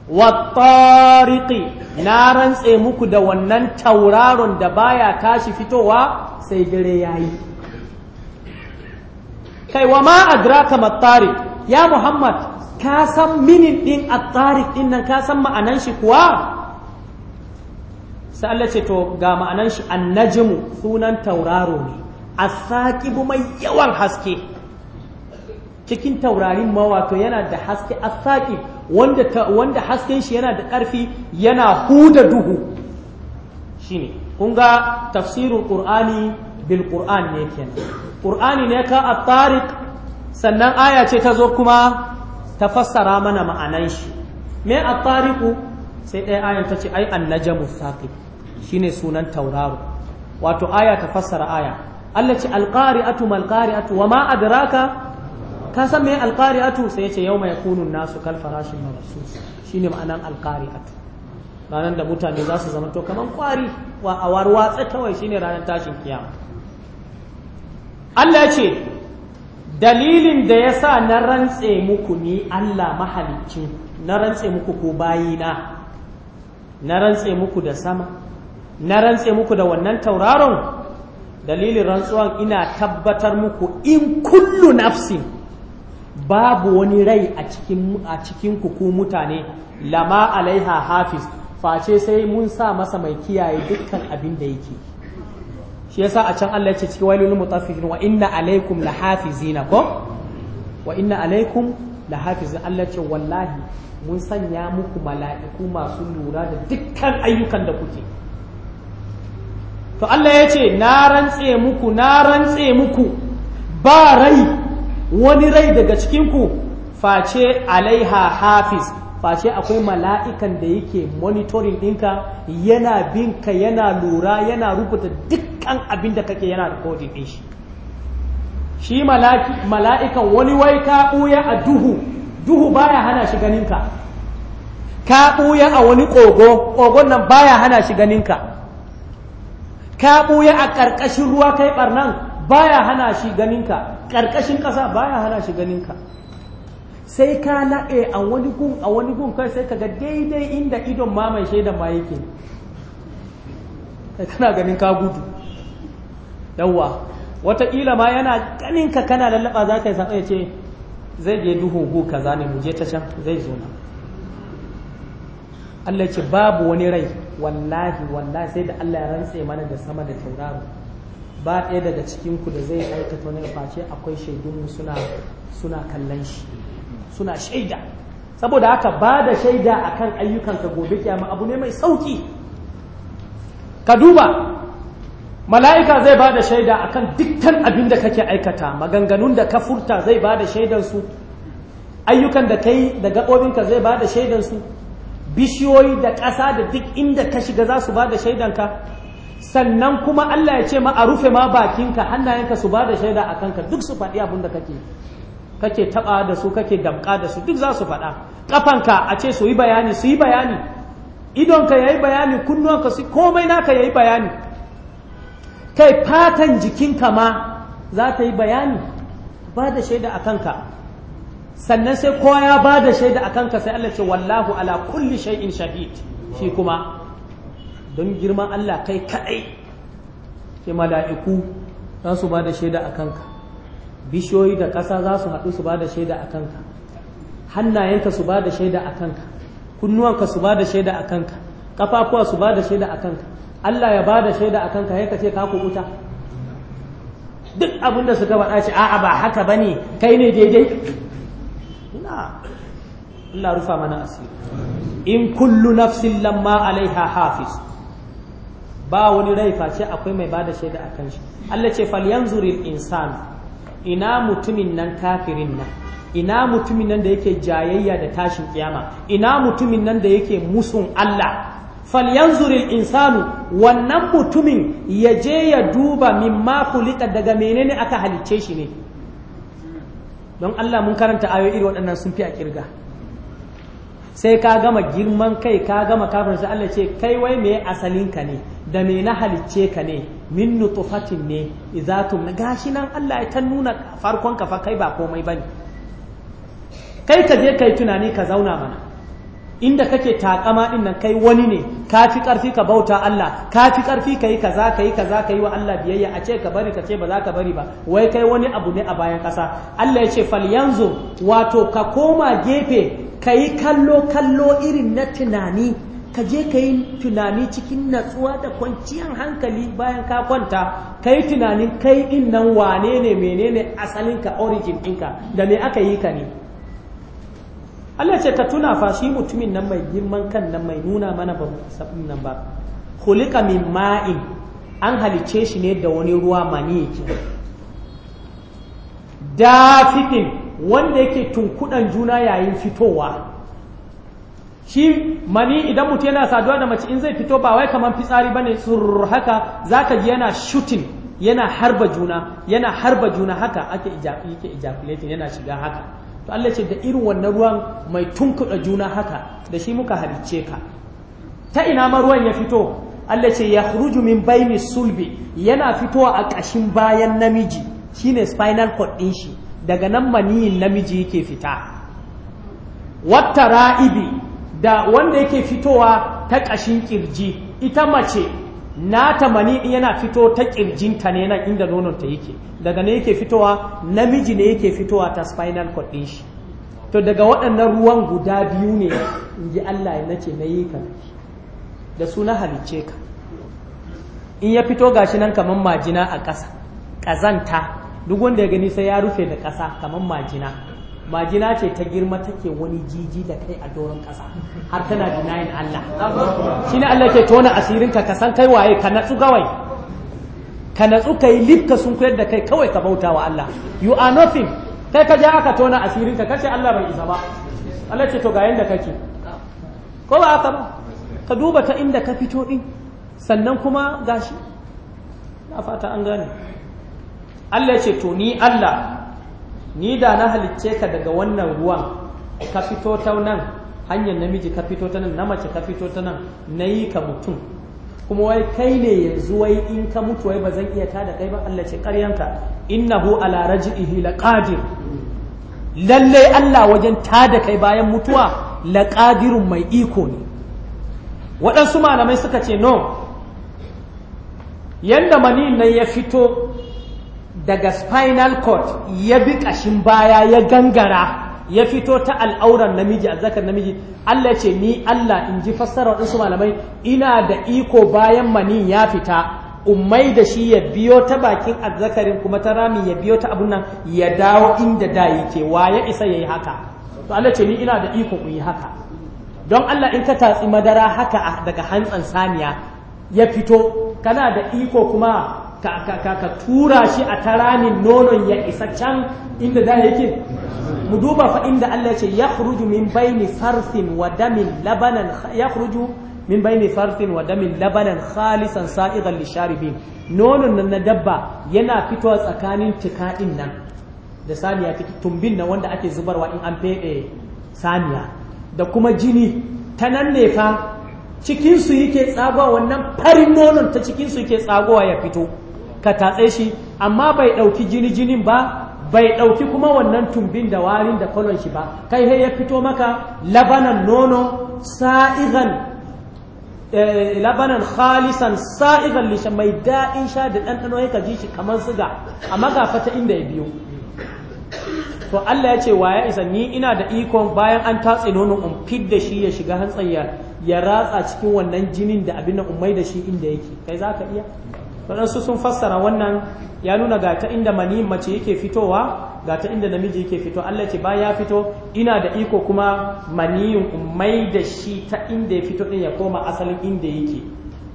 wattariqi na rantse muku da wannan tauraron da baya tashi fitowa sai dare yayi kai wa ma adraka mattariq ya muhammad ka san minin din attariq din nan ka san ma'anan shi kuwa sai Allah ce to ga ma'anan shi annajmu sunan tauraro ne asaqibu mai yawan haske cikin taurarin ma wato yana da haske a wanda wanda hasken shi yana da ƙarfi yana huda duhu shine kun ga tafsirul qur'ani bil qur'an ne kenan qur'ani ne ka at-tariq sannan aya ce ta zo kuma ta fassara mana ma'anan shi me at-tariqu sai ɗaya ayan ta ce ai an-najmu saqib shine sunan tauraro wato aya ta fassara aya Allah ce alƙari'atu malƙari'atu wa ma adraka ka san me alƙari'atu? sai ya ce mai kunun nasu kal farashin mabsus shine ma'anan alƙari'atu ranar da mutane za su zama to kamar kwari wa awarwa watsa kawai shine ranar tashin kiyama Allah ce dalilin da ya sa na rantse muku ni Allah mahalicci na rantse muku ko bayina na rantse muku da sama na rantse muku da wannan tauraron dalilin rantsuwan ina tabbatar muku in kullu nafsin babu wani rai a cikin a cikin ku mutane lama alaiha hafiz face sai mun sa masa mai kiyaye dukkan abin da yake shi yasa a can Allah ya ce cikin wailul mutaffifin wa inna alaikum hafizina ko wa inna alaikum lahafizin Allah ce wallahi mun sanya muku mala'iku masu lura da dukkan ayyukan da kuke to Allah ya ce na rantse muku na rantse muku ba rai wani rai daga cikinku face alaiha hafiz face akwai mala'ikan da yake monitoring ɗinka yana binka yana lura yana rubuta dukkan abin da kake yana recording ɗin shi shi mala'ikan wani wai ka ɓuya a duhu duhu baya hana shi ganinka ka ɓuya a wani ƙogo ƙogon nan baya hana shi ganinka ka ɓuya a ƙarƙashin ruwa kai ɓarnan baya hana shi ganinka ƙarƙashin ƙasa baya hana shi ganinka sai ka naɗe a wani gun a wani gun kai sai ka ga daidai inda idon mamaye shaidan ma yake kana ganin ka gudu yawwa wataƙila ma yana ganinka kana lallaba za ka yi saɓa ce zai je duhun gu kaza ne mu je ta can zai zo na Allah ce babu wani rai wallahi wallahi sai da Allah ya rantse mana da sama da tauraro ba ɗaya daga cikin ku da zai aikata wani face akwai shaidun suna suna kallon shi suna shaida saboda haka ba da shaida akan ayyukanka gobe kiyama abu ne mai sauki ka duba mala'ika zai ba da shaida akan dukkan abin da kake aikata maganganun da ka furta zai ba da shaidansu ayyukan da kai da gaɓoɓinka zai ba da su bishiyoyi da ƙasa da duk inda ka shiga za su ba da shaidanka sannan kuma Allah ya ce ma a rufe ma bakinka hannayenka su ba da shaida a kanka duk su faɗi abin da kake kake taɓa da su kake damƙa da su duk za su faɗa ƙafanka a ce su yi bayani su yi bayani idonka ya yi bayani kunnuwanka su komai naka ya yi bayani kai fatan jikinka ma za ta yi bayani ba da shaida a kanka sannan sai kowa ya ba da shaida a kanka sai Allah ce wallahu ala kulli shay'in shahid shi kuma don girman Allah kai kadai sai mala'iku za su ba da shaida a kanka bishiyoyi da ƙasa za su haɗu su ba da shaida a kanka hannayenka su ba da shaida a kanka kunnuwanka su ba da shaida a kanka ƙafafuwa su ba da shaida a kanka Allah ya ba da shaida a kanka ka ce ka kuɓuta duk abin da suka faɗa shi a'a ba haka bane kai ne daidai Allah rufa mana asiri in kullu nafsin lamma alaiha hafiz ba wani rai face akwai mai bada shaida akan shi Allah ce falyanzuril insan ina mutumin nan kafirin nan ina mutumin nan da yake jayayya da tashin kiyama ina mutumin nan da yake musun Allah falyanzuril insanu wannan mutumin ya je ya duba mimma kulika daga menene aka halicce shi ne don Allah mun karanta ayoyi waɗannan sun fi a kirga sai ka gama girman kai ka gama kafin sai Allah ce kai wai me asalinka ne da me na halicce ka ne min nutfatin ne izatum gashi nan Allah ya ta nuna farkon ka fa kai ba komai bane kai ka je kai tunani ka zauna mana inda kake takama din nan kai wani ne ka fi karfi ka bauta Allah ka fi karfi kai kaza kai kaza kai wa Allah biyayya a ce ka bari ka ce ba za ka bari ba wai kai wani abu ne a bayan kasa Allah ya ce yanzu wato ka koma gefe kai kallo kallo irin na tunani ka je ka yi tunani cikin natsuwa da kwanciyar hankali bayan ka kwanta ka yi tunanin kai din nan wane ne menene asalinka origin ɗinka da me aka yi ka ne Allah ce ka tuna fa shi mutumin nan mai girman kan nan mai nuna mana ba sabin nan ba khuliqa min ma'in an halice shi ne da wani ruwa mani yake Dafitin, wanda yake tunkudan juna yayin fitowa shi mani idan mutum yana saduwa da mace in zai fito ba wai kamar fitsari bane surr haka zaka ji yana shooting yana harba juna yana harba juna haka ake yake ejaculating yana shiga haka to Allah ce da irin wannan ruwan mai tunkuɗa juna haka da shi muka halicce ka ta ina ma ruwan ya fito Allah ce ya khruju min baini sulbi yana fitowa a ƙashin bayan namiji shine spinal cord ɗin shi daga nan maniyin namiji yake fita wata ra'ibi da wanda yake fitowa ta ƙashin ƙirji ita mace Na ta mani yana fito ta ƙirjinta ne nan inda nonon ta yake daga ne yake fitowa namiji ne yake fitowa ta spinal cord din shi to daga waɗannan ruwan guda biyu ne in ji Allah ya nace na yi ka da suna halicce ka in ya fito gashi nan kamar majina a ƙasa ƙazanta duk wanda ya gani sai ya rufe da ƙasa kamar majina majina ce ta girma take wani jiji da kai a doron ƙasa har tana nayin Allah shi ne Allah ke tona asirin ka san kai waye ka natsu gawai ka natsu kai lifka sun kuyar da kai kawai ka bauta wa Allah you are nothing kai ka ja aka tona asirin ka kace Allah bai isa ba Allah ce to ga yanda kake ko ba haka ba ka duba ta inda ka fito din sannan kuma gashi na fata an gane Allah ce to ni Allah ni da na halicce ka daga wannan ruwan ka fito ta nan hanyar namiji ka fito ta nan na mace ka fito ta nan na yi ka mutum kuma wai kai ne yanzu wai in ka mutu wai ba zan iya ta da kai ba Allah ce karyanka innahu ala raji'ihi laqadir lalle Allah wajen ta da kai bayan mutuwa laqadirun mai iko ne waɗansu malamai suka ce no yanda Manin nan ya fito daga spinal cord ya bi ƙashin baya ya gangara ya fito ta al'auran namiji a zakar namiji Allah ce ni Allah in ji fassara waɗansu malamai ina da iko bayan manin ya fita ummai da shi ya biyo ta bakin azzakarin kuma ta rami ya biyo ta abun nan ya dawo inda da yake wa ya isa yayi haka to Allah ce ni ina da iko ku yi haka don Allah in ka tatsi madara haka daga hantsan saniya ya fito kana da iko kuma ka tura shi a min nonon ya isa can inda da yake mu duba fa inda Allah ce ya khruju min baini farsin wa damin labanan ya khruju min baini farsin wa damin labanan khalisan sa'idan lisharibin nonon nan na dabba yana fitowa tsakanin tikadin nan da saniya take tumbin nan wanda ake zubarwa in an fede saniya da kuma jini ta nan ne fa cikinsu yake tsagowa wannan farin nonon ta cikinsu yake tsagowa ya fito ka tatse shi amma bai ɗauki jini jinin ba bai ɗauki kuma wannan tumbin da warin da kolon shi ba kai he ya fito maka labanan nono sa'igan eh, labanan khalisan sa'igan lishan mai daɗin sha da ɗanɗano ya ka ji shi kamar siga a magafata fata inda ya biyo to Allah ya ce wa ya isa ni ina da ikon bayan an tatse nono in fidda shi ya shiga hantsan ya ratsa cikin wannan jinin da abin nan umai da shi inda yake kai za ka iya waɗansu sun fassara wannan ya nuna ga ta inda mani mace yake fitowa ga ta inda namiji yake fito Allah ce ba ya fito ina da iko kuma maniyin mai da shi ta inda ya fito din ya koma asalin inda yake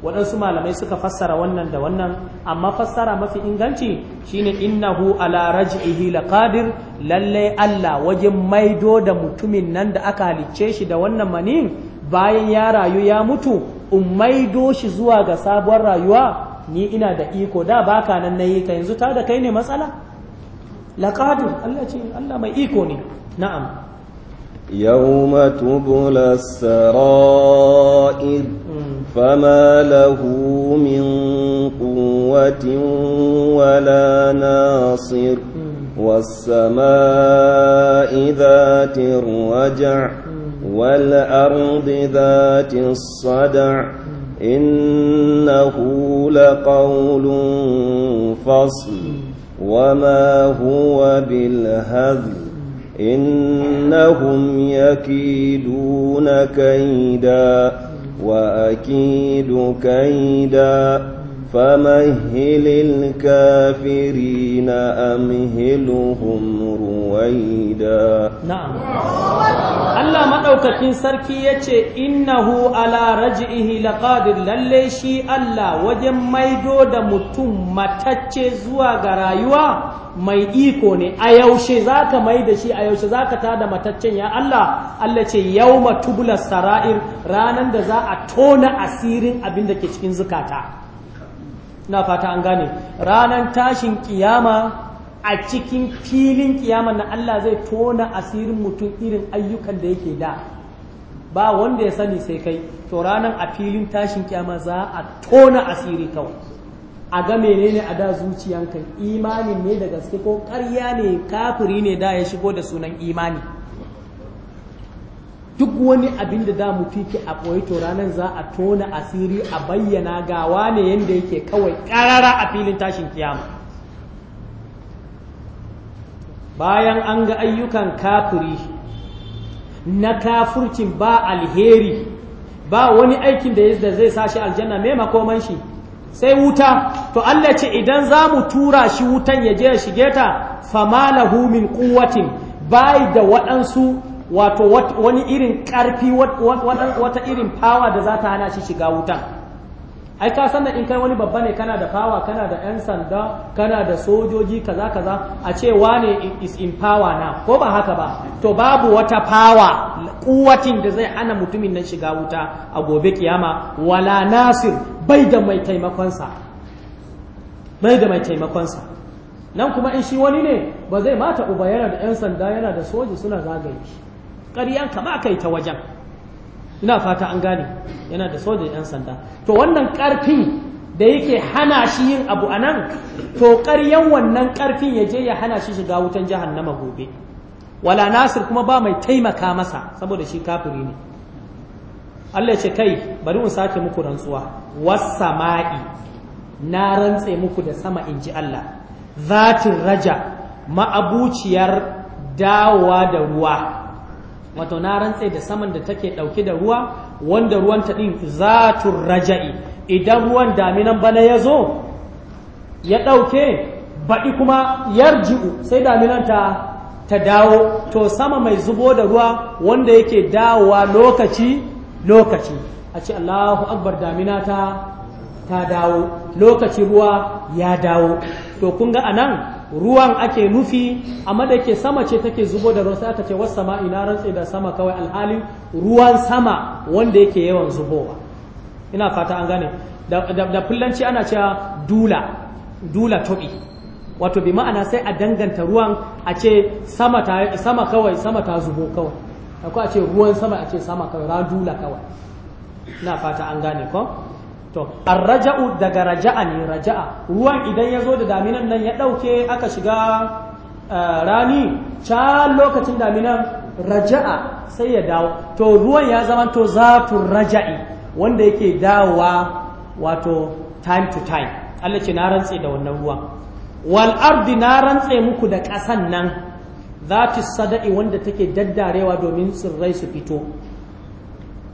waɗansu malamai suka fassara wannan da wannan amma fassara mafi inganci shine innahu ala raj'ihi laqadir lalle Allah wajen maido da mutumin nan da aka halicce shi da wannan mani bayan ya rayu ya mutu ummaido shi zuwa ga sabuwar rayuwa ni ina da iko da baka nan nayi ka yanzu ta da kai ne matsala laqadir Allah ce Allah mai iko ne na'am yawma tubla sarair hmm. fama lahu min quwwatin wala nasir والسماء ذات الرجع والأرض ذات الصدع إنه لقول فصل وما هو بالهذل إنهم يكيدون كيدا وأكيد كيدا فمهل الكافرين أمهلهم رويدا na'am Allah maɗaukakin sarki ya yace innahu ala raji raj'ihi laƙadir lalle shi Allah wajen maido da mutum matacce zuwa ga rayuwa mai iko ne a yaushe zaka maida shi a yaushe zaka tada mataccen ya Allah Allah ce yauma matubular sara'ir ranar da za a tona asirin abin da ke cikin zukata na fata an gane ranar tashin kiyama a cikin filin kiyaman na Allah zai tona asirin mutum irin ayyukan da yake da ba wanda ya sani sai kai to ranar a filin tashin kiyama za a tona asiri kawai a ga menene a da zuciyan zuciyanka Imani ne da gaske ko ƙarya ne kafiri ne da ya shigo da sunan imani duk wani abin da da mutu ke a ɓoye to ranar za a tona asiri a bayyana gawa ne yadda yake kawai ƙarara a filin tashin kiyama bayan an ga ayyukan kafiri na kafurcin ba alheri ba wani aikin da zai sashi aljanna mai makoman shi sai wuta to Allah ce idan za mu tura shi wutan ya je ya shige ta famalahu lahu min quwwatin bai da waɗansu wato wani irin ƙarfi wata irin fawa da za ta hana shi shiga wutan ai ka san in kai wani babba ne kana da power kana da yan sanda kana da sojoji kaza kaza a ce wane is in power na ko ba haka ba to babu wata power kuwatin da zai hana mutumin nan shiga wuta a gobe kiyama wala nasir bai da mai taimakonsa bai da mai taimakonsa nan kuma in shi wani ne ba zai mata uba yana da yan sanda yana da soji suna zagaye ƙaryan kama kai ta wajen ina fata an gane yana da soja yan sanda to wannan karfin da yake hana shi yin abu a nan to ƙaryan wannan ƙarfin ya je ya hana shi shiga wutan jahannama gobe wala nasir kuma ba mai taimaka masa saboda shi kafiri ne Allah ce kai bari mu sake muku rantsuwa wasama'i na rantse muku da sama in ji Allah zatin raja ma'abuciyar dawowa da ruwa wato na rantse da saman da take dauke da ruwa wanda ruwan ta ɗin zatur raja'i idan ruwan daminan bana ya zo ya dauke baɗi kuma yarji'u sai daminan ta ta dawo to sama mai zubo da ruwa wanda yake dawowa lokaci lokaci a ce Allahu akbar damina ta ta dawo lokaci ruwa ya dawo to kun ga anan ruwan ake nufi amma da ke sama ce take zubo da ruwan sai aka ce wasu sama ina rantsi da sama kawai alhali ruwan sama wanda yake yawan zubowa ina fata an gane da fullanci ana cewa dula dula tobi wato bi ma'ana sai a danganta ruwan a ce sama kawai sama ta zubo kawai akwai a ce ruwan sama a ce sama kawai ra dula kawai ina fata an gane ko to raja'u daga raja'a ne raja'a ruwan idan ya zo da daminan nan ya ɗauke aka shiga eh, rani can lokacin daminan raja'a sai ya dawo to ruwan ya zama to zafin raja'i wanda yake dawowa wato time to time Allah ce na rantse da wannan ruwan wal ardi na rantse muku da ƙasan nan zatu sada'i wanda take daddarewa domin tsirrai su fito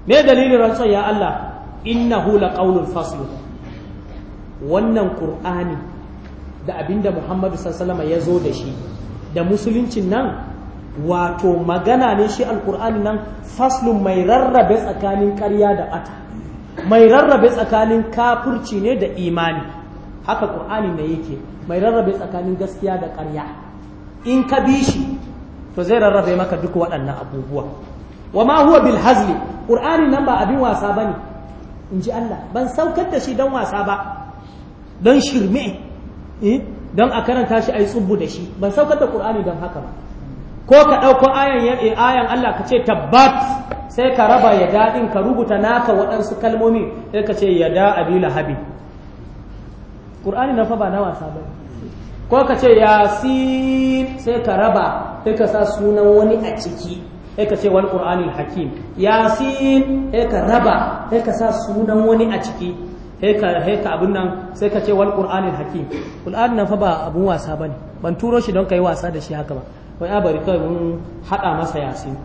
me dalilin rantsuwar ya Allah inna hula ƙaunin faslu. wannan ƙur'ani da abinda Muhammadu sallallahu ya zo da shi da musuluncin nan wato magana ne shi alƙur'ani nan faslu mai rarrabe tsakanin ƙarya da ata mai rarrabe tsakanin kafurci ne da imani haka ƙur'ani ne yake mai rarrabe tsakanin gaskiya da ƙarya in ka bi shi to zai rarrabe maka duk waɗannan abubuwa wa ma huwa bil hazli qur'ani nan ba abin wasa bane in ji Allah ban saukar da shi don wasa ba don shirme eh, don a karanta shi a yi tsubbu da shi ban saukar da ƙur'ani don haka ba ko ka ɗauko ayan eh, ayan Allah ka ce tabbat sai ka raba ya daɗin ka rubuta naka waɗansu kalmomi sai ka ce ya da abi lahabi ƙur'ani na fa ba na wasa ba ko ka ce yasin sai ka raba sai ka sa sunan wani a ciki sai ce wal qur'anil hakim yasin sai ka raba sai sa sunan wani a ciki sai ka abin nan sai ka ce wal qur'anil hakim qur'an nan fa ba abun wasa bane ban turo shi don kai wasa da shi haka ba wai a bari kai mun haɗa masa yasin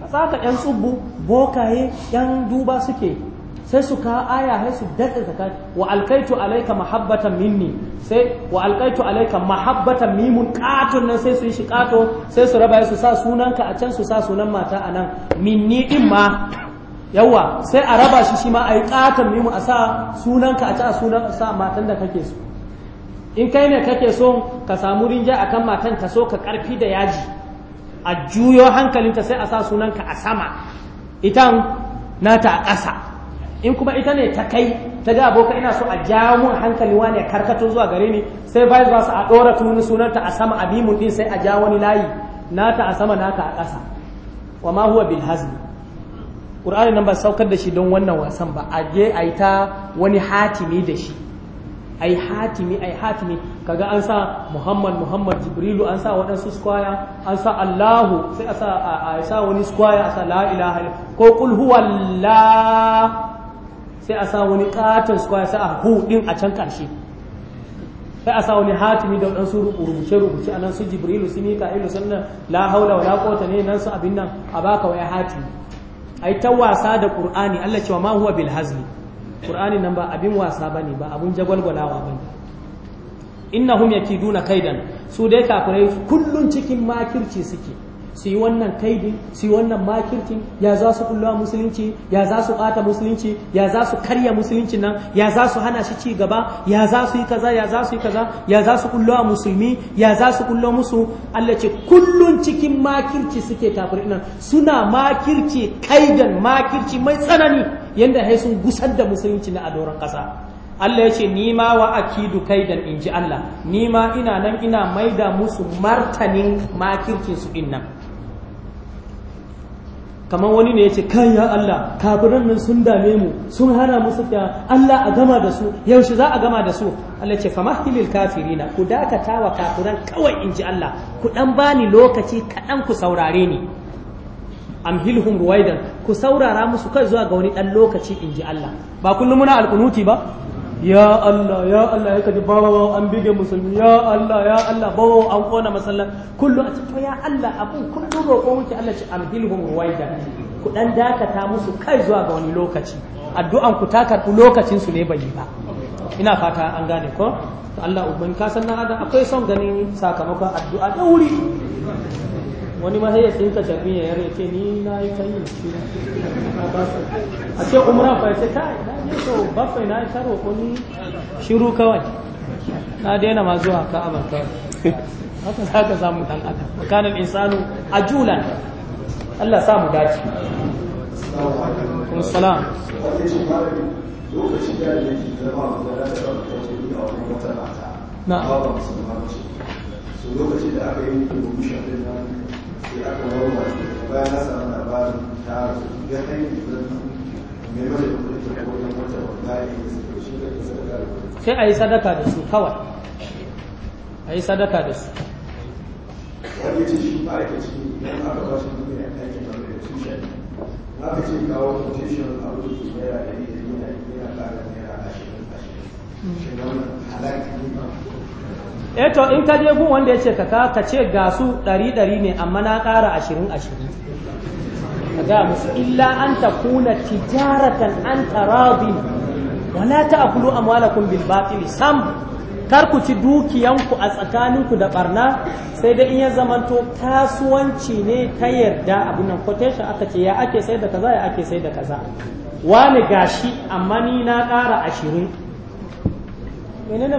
ka saka yan tsubu bokaye yan duba suke sai su ka aya sai su daɗe tsakani wa alkaitu alayka mahabbatan minni sai wa alkaitu alayka mahabbatan mimun qatun nan sai su yi shi qato sai su raba su sa sunanka a can su sa sunan mata a nan minni din ma yawa sai a raba shi shi ma a yi mimu a sa sunanka a can a sunan sa matan da kake so in kai ne kake so ka samu rinja akan matan ka so ka karfi da yaji a juyo hankalinta sai a sa sunan ka a sama itan nata a ƙasa in kuma ita ne ta kai ta ga aboka ina so a ja mun hankali wani karkato zuwa gare ni sai vice versa a ɗora tuni sunanta a sama abimun din sai a ja wani layi nata a sama naka a ƙasa wa ma huwa bil hazmi qur'ani nan ba saukar da shi don wannan wasan ba a je a yi ta wani hatimi da shi ai hatimi ai hatimi kaga an sa muhammad muhammad jibrilu an sa waɗansu squire, an sa allahu sai a sa wani squire, a sa la ilaha ko kul huwa la sai a sa wani katon square sai a hu ɗin a can karshe sai a sa wani hatimi da wadansu rubuce rubuce a nan su jibrilu su mika'ilu sannan la haula wala ne nan su abin nan a baka waya hatimi ai ta wasa da qur'ani Allah cewa ma huwa bil hazli qur'ani nan ba abin wasa bane ba abun jagwalgwalawa bane innahum yakiduna kaidan su dai kafirai kullun cikin makirci suke su yi wannan kaidin su yi wannan makircin ya za su kullawa musulunci ya za su bata musulunci ya za su karya musulunci nan ya za su hana shi ci gaba ya za su yi kaza ya za su yi kaza ya za su kullawa musulmi ya za su kullo musu Allah ce kullun cikin makirci suke kafir nan suna makirci kaidan makirci mai tsanani yanda hai sun gusar da musulunci na adoran kasa Allah ya ce ni ma wa akidu kaidan in ji Allah ni ma ina nan ina maida musu martanin makircin su din nan kamar wani ne ya ce kai ya Allah kafiran nan sun dame mu sun hana musu fiya. Allah a gama da su yaushe za a gama da su Allah ce famahilil kafirina ku dakata wa kafiran kawai in ji Allah ku dan bani lokaci kaɗan ku saurare ni amhilhum ruwaidan ku saurara musu kai zuwa ga wani dan lokaci in ji Allah ba kullum muna alkunuti ba ya Allah ya Allah ya kaji babawa an bige musulmi ya Allah ya Allah babawa an kona masallan kullu a cikin ya Allah abun kullum roƙo wuce Allah ci amhilhum ruwaida ku dan dakata musu kai zuwa ga wani lokaci addu'an ku taka ku lokacin su ne bai yi ba ina fata an gane ko to Allah ubban ka san nan akwai son ganin sakamakon addu'a da wuri wani ma sai sun ta jami'a ya ce ni na yi kai a ce umra fa sai ce kai to bafai na ta shiru kawai na daina ma zuwa ka ka'abar kawai haka za ka samu dan adam makanan insanu a julan Allah sa dace kuma salam na da aka yi nan sai aka bayan labarin ta ya hanyar sai a yi sadaka da su kawai a yi sadaka da su ce eh shi ciki idan aka ba shi shi ce kawo su ɗari da naira ashirin ashirin shi eto in ka je gun wanda ya ce ka ka ce ga su ɗari ne amma na kara ashirin ashirin ka gaya musu illa an takuna tijaratan an taradin wala ta'kulu a malakun batil sam kar ku ci dukiyanku a tsakaninku da ɓarna sai dai in ya zamanto kasuwanci ne ta yarda abin nan quotation aka ce ya ake sai kaza ya ake sai kaza wani gashi amma ni na ashirin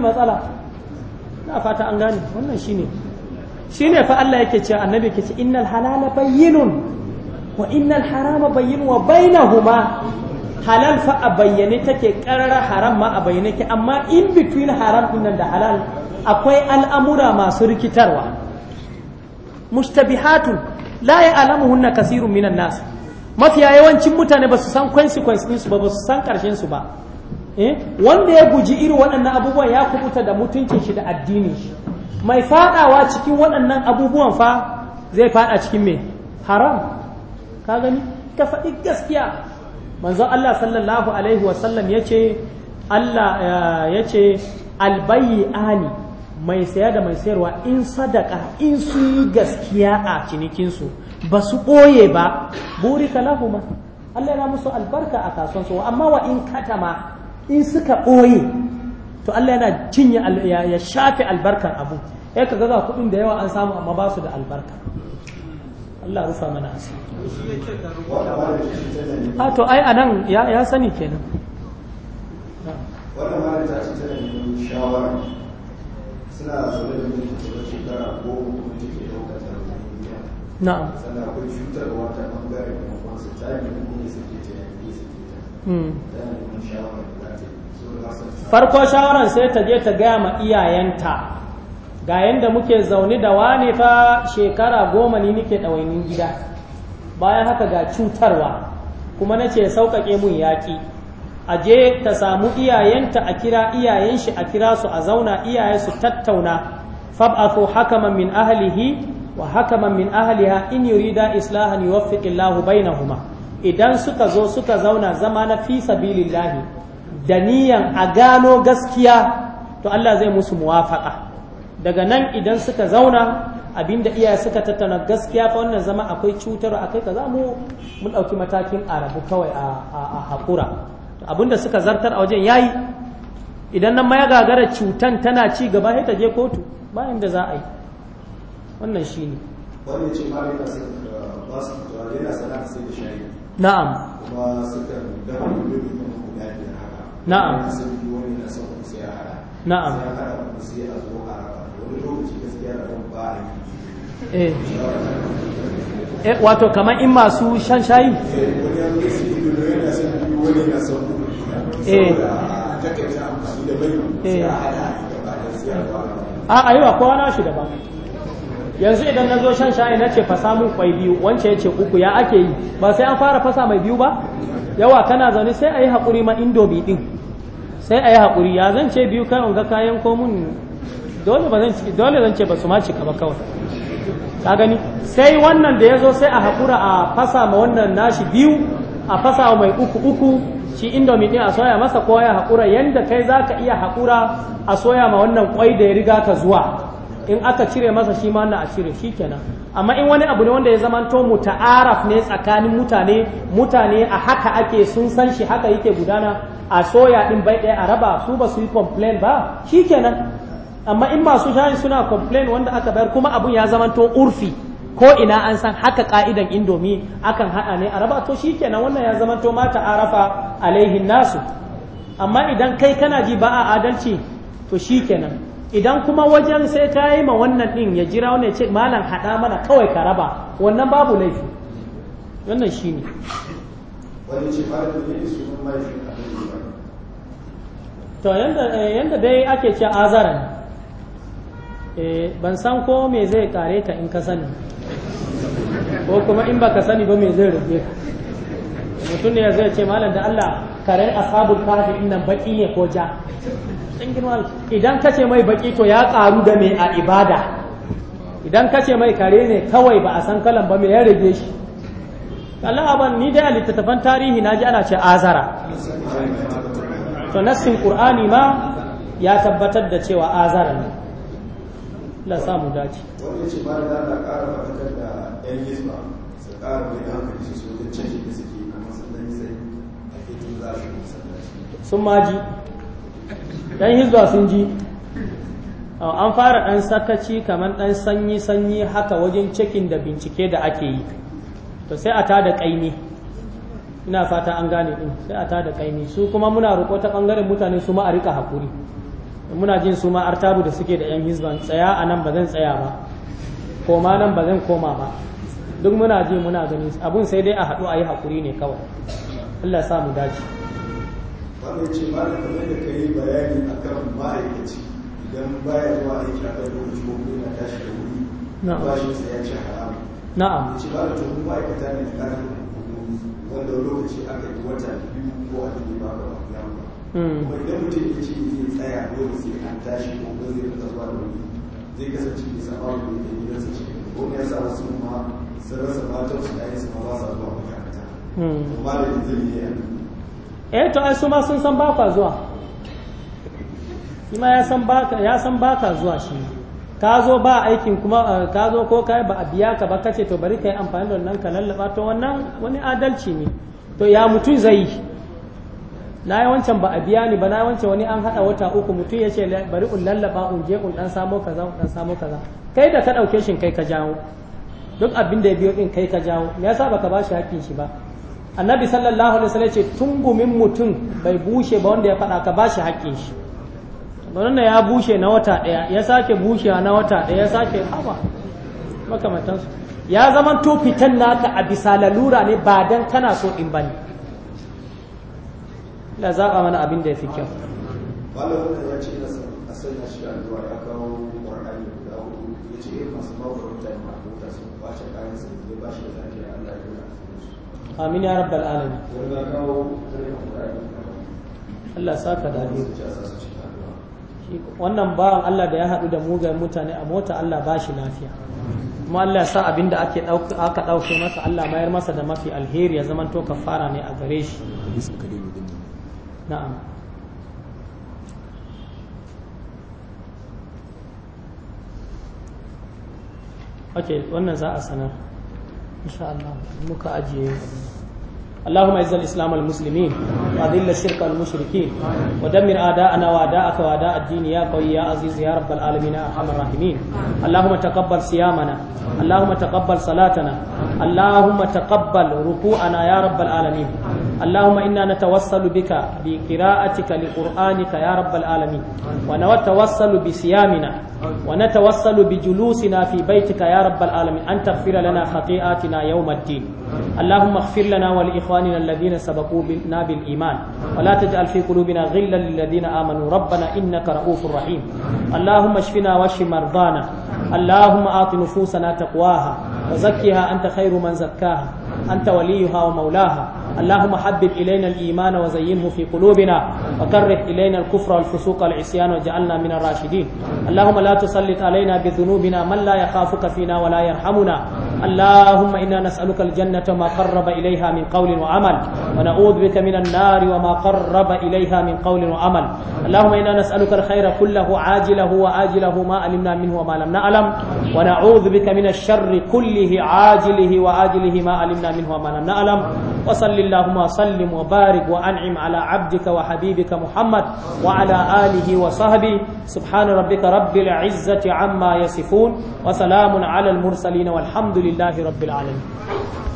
matsala na fata an gane wannan shine fa Allah yake ce annabi yake ce innal halala bayyinun wa innal harama bayyin wa bainahuma halal fa a bayyane take karara haram ma a bayyane ke amma in between haram din da halal akwai al'amura masu rikitarwa mustabihatun la ya'lamuhunna kasirun minan nas mafiya yawancin mutane ba su san consequence su ba ba su san ƙarshen su ba eh, wanda ya guji irin waɗannan abubuwan ya kubuta da mutuncin shi da addinin shi mai fadawa cikin waɗannan abubuwan fa zai fada cikin me haram ka gani ka faɗi gaskiya manzon Allah sallallahu alaihi wasallam ya ce Allah ya ce albayi ani mai saya da mai sayarwa in sadaka in sun yi gaskiya a cinikinsu ba su ɓoye ba buri kalahuma Allah yana musu albarka a kasuwansu amma wa in katama in suka ɓoye to Allah yana cinye ya shafe albarkar abu ya ka gaga kuɗin da yawa an samu amma ba su da albarka Allah rufa mana asiri a ah, to ai a nan ya sani kenan wannan mara ta ce tana neman shawara suna zaune da mutum da shekara ko kuma ke dauka ta duniya na'am sannan akwai cutarwa ta ɓangare da kuma su ta yi kuma su ke ta yi su ke ta hmm. tana neman shawara da ta yi farko shawaran sai ta je ta gaya ma iyayenta ga yanda muke zaune da wane fa shekara goma ne nike ɗawainin gida bayan haka ga cutarwa kuma na ce sauƙaƙe mun yaƙi a je ta samu iyayenta a kira iyayen shi a kira su a zauna iyaye su tattauna fab'athu hakaman min ahlihi wa hakaman min ahliha in yurida bai na huma idan suka zo suka zauna zama na fi sabilillahi da niyan a gano gaskiya to Allah zai musu muwafaqa daga nan idan suka zauna abinda iyaye suka tattauna gaskiya fa wannan zama akwai cutar akai kaza mu mun dauki matakin arabu kawai a hakura abinda suka zartar a wajen yayi idan nan ma ya gagara cutan tana ci gaba sai ta je kotu bayan da za a yi wannan shine wani ce ma sai uh, ba su da yana sana'a sai da shayi na'am kuma suka da na'am sai wani na sai ya hada na'am sai ya hada sai a zo a Eh. Eh, wato kamar in masu shan shayi? a a yi kowa na shi daban yanzu idan na zo shan shayi na ce fasa mun kwai biyu wance ya ce uku ya ake yi ba sai an fara fasa mai biyu ba yawa kana zaune sai a yi haƙuri ma indomi din sai a yi haƙuri ya zan ce biyu kan ga kayan komun dole ba zan dole zan ce ba su ma cika ba kawai ka gani sai wannan da ya zo sai a haƙura a fasa ma wannan nashi biyu a fasa mai uku uku shi indomi ɗin a soya masa ko ya haƙura yanda kai zaka iya haƙura a soya ma wannan kwai da ya riga ka zuwa in aka cire masa shi ma wannan a cire shi kenan amma in wani abu ne wanda ya zama zamanto muta'araf ne tsakanin mutane mutane a haka ake sun san shi haka yake gudana a soya din bai ɗaya a raba su ba su yi complain ba shi kenan amma in masu shayin suna complain wanda aka bayar kuma abun ya zamanto urfi ko ina an san haka ka'idan indomi akan haɗa ne a raba to shi kenan wannan ya mata ma ta'arafa alaihin nasu amma idan kai kana ji ba a adalci to shi kenan idan kuma wajen sai ka yi ma wannan ɗin ya jira wani ce malam haɗa mana kawai ka raba wannan babu laifi wannan shi ne to eh, yanda dai ake ce ne. Eh, ban san ko me zai kare ka in ka sani ko kuma in baka sani ba me zai rage ka mutum ne zai ce malam da Allah kare ashabul kafi nan baki ne ko ja idan ka ce mai baki to ya karu da me a ibada idan ka ce mai kare ne kawai ba a san kalan ba me ya rage shi Allah ban ni da littattafan tarihi na ji ana ce azara to nassin qur'ani ma ya tabbatar da cewa azara ne Allah sa mu dace wanda yace ba da Allah ƙara fadakar da yan hisba su ƙara mai da hankali su wajen cin da suke kamar sun dan sai a fitin za su musallaci sun ma ji dan hisba sun ji an fara ɗan sakaci kamar ɗan sanyi-sanyi haka wajen cikin da bincike da ake yi to sai a tada ƙaimi ina fata an gane ɗin sai a tada ƙaimi su kuma muna roƙo ta ɓangaren mutane su ma a riƙa haƙuri muna jin su ma artabu da suke da yan hizban tsaya a nan ba zan tsaya ba koma nan ba zan koma ba duk muna ji muna gani abun sai dai a haɗu a yi haƙuri ne kawai Allah sa mu dace wanda ce ma da kamar da ka yi bayani a kan ma'aikaci idan bayan zuwa aiki a kan lokaci ko kuma yana tashi da wuri ba shi sai ya ce haramu na'am ce ba da tuhu ma'aikata ne da kafin wanda lokaci aka yi wata biyu ko a ba Hmm. wanda mutum ya ce zai tsaya dole sai an tashi ko ba zai rika zuwa da wuri zai kasance mai saba da wuri da gidansa ce ko ya sa wasu ma sun rasa matan su ɗaya su ma ba sa zuwa makaranta amma hmm. da yanzu ne ya eh to ai su ma sun san ba kwa zuwa shi ma ya san ba ka zuwa shi ka zo ba aikin kuma eh, ka zo ko kai ba a biya ka ba kace to bari ka yi amfani da wannan ka lallaba to wannan wani adalci ne to ya mutum zai yi na yi wancan ba a biya ni ba na yi wancan wani an haɗa wata uku mutum ya ce bari un lallaba un je un dan samo kaza in dan samo kaza kai da ka ɗauke shi kai ka jawo duk abin da ya biyo ɗin kai ka jawo me yasa baka ba shi hakkin shi ba annabi sallallahu alaihi wasallam ce tungumin mutum bai bushe ba wanda ya faɗa ka ba shi hakkin shi wannan ya bushe na wata ɗaya ya sake bushewa na wata ɗaya ya sake haba makamantansu ya zama to fitan naka a bisa lalura ne ba dan kana so in bane la zaɓa mana abin da ya fi kyau malamin ya ce a sanya shi a addu'a ya kawo ƙwarƙani guda hudu ya ce irin eh, masu bauta mutane ko ta su ba shi kayan sa ya ba shi da lafiya Allah ya nuna amin ya rabbal alamin ya kawo Allah sa saka da wannan bawan Allah da ya haɗu da mugayen mutane a mota Allah ba shi lafiya kuma Allah ya sa abin da ake aka ɗauke masa Allah mayar masa da mafi alheri ya zama to kafara ne a gare shi na'am ok wannan za a sanar insha Allah muka ajiye اللهم اعز الاسلام المسلمين واذل الشرك المشركين ودمر اعداءنا واعداءك واعداء الدين يا قوي يا عزيز يا رب العالمين يا ارحم الراحمين اللهم تقبل صيامنا اللهم تقبل صلاتنا اللهم تقبل ركوعنا يا رب العالمين اللهم إنا نتوسل بك بقراءتك لقرآنك يا رب العالمين ونتوسل بصيامنا ونتوسل بجلوسنا في بيتك يا رب العالمين أن تغفر لنا خطيئاتنا يوم الدين اللهم اغفر لنا ولإخواننا الذين سبقونا بالإيمان ولا تجعل في قلوبنا غلا للذين آمنوا ربنا إنك رؤوف رحيم اللهم اشفنا واشف مرضانا اللهم آت نفوسنا تقواها وزكها أنت خير من زكاها أنت وليها ومولاها اللهم حبب إلينا الإيمان وزينه في قلوبنا وكره إلينا الكفر والفسوق والعصيان وجعلنا من الراشدين اللهم لا تسلط علينا بذنوبنا من لا يخافك فينا ولا يرحمنا اللهم إنا نسألك الجنة ما قرب إليها من قول وعمل ونعوذ بك من النار وما قرب إليها من قول وعمل اللهم إنا نسألك الخير كله عاجله وآجله ما علمنا منه وما لم نعلم ونعوذ بك من الشر كله عاجله وآجله ما علمنا منه وما لم نعلم وصل اللهم وسلم وبارك وأنعم على عبدك وحبيبك محمد وعلى آله وصحبه سبحان ربك رب العزة عما يصفون وسلام على المرسلين والحمد لله رب العالمين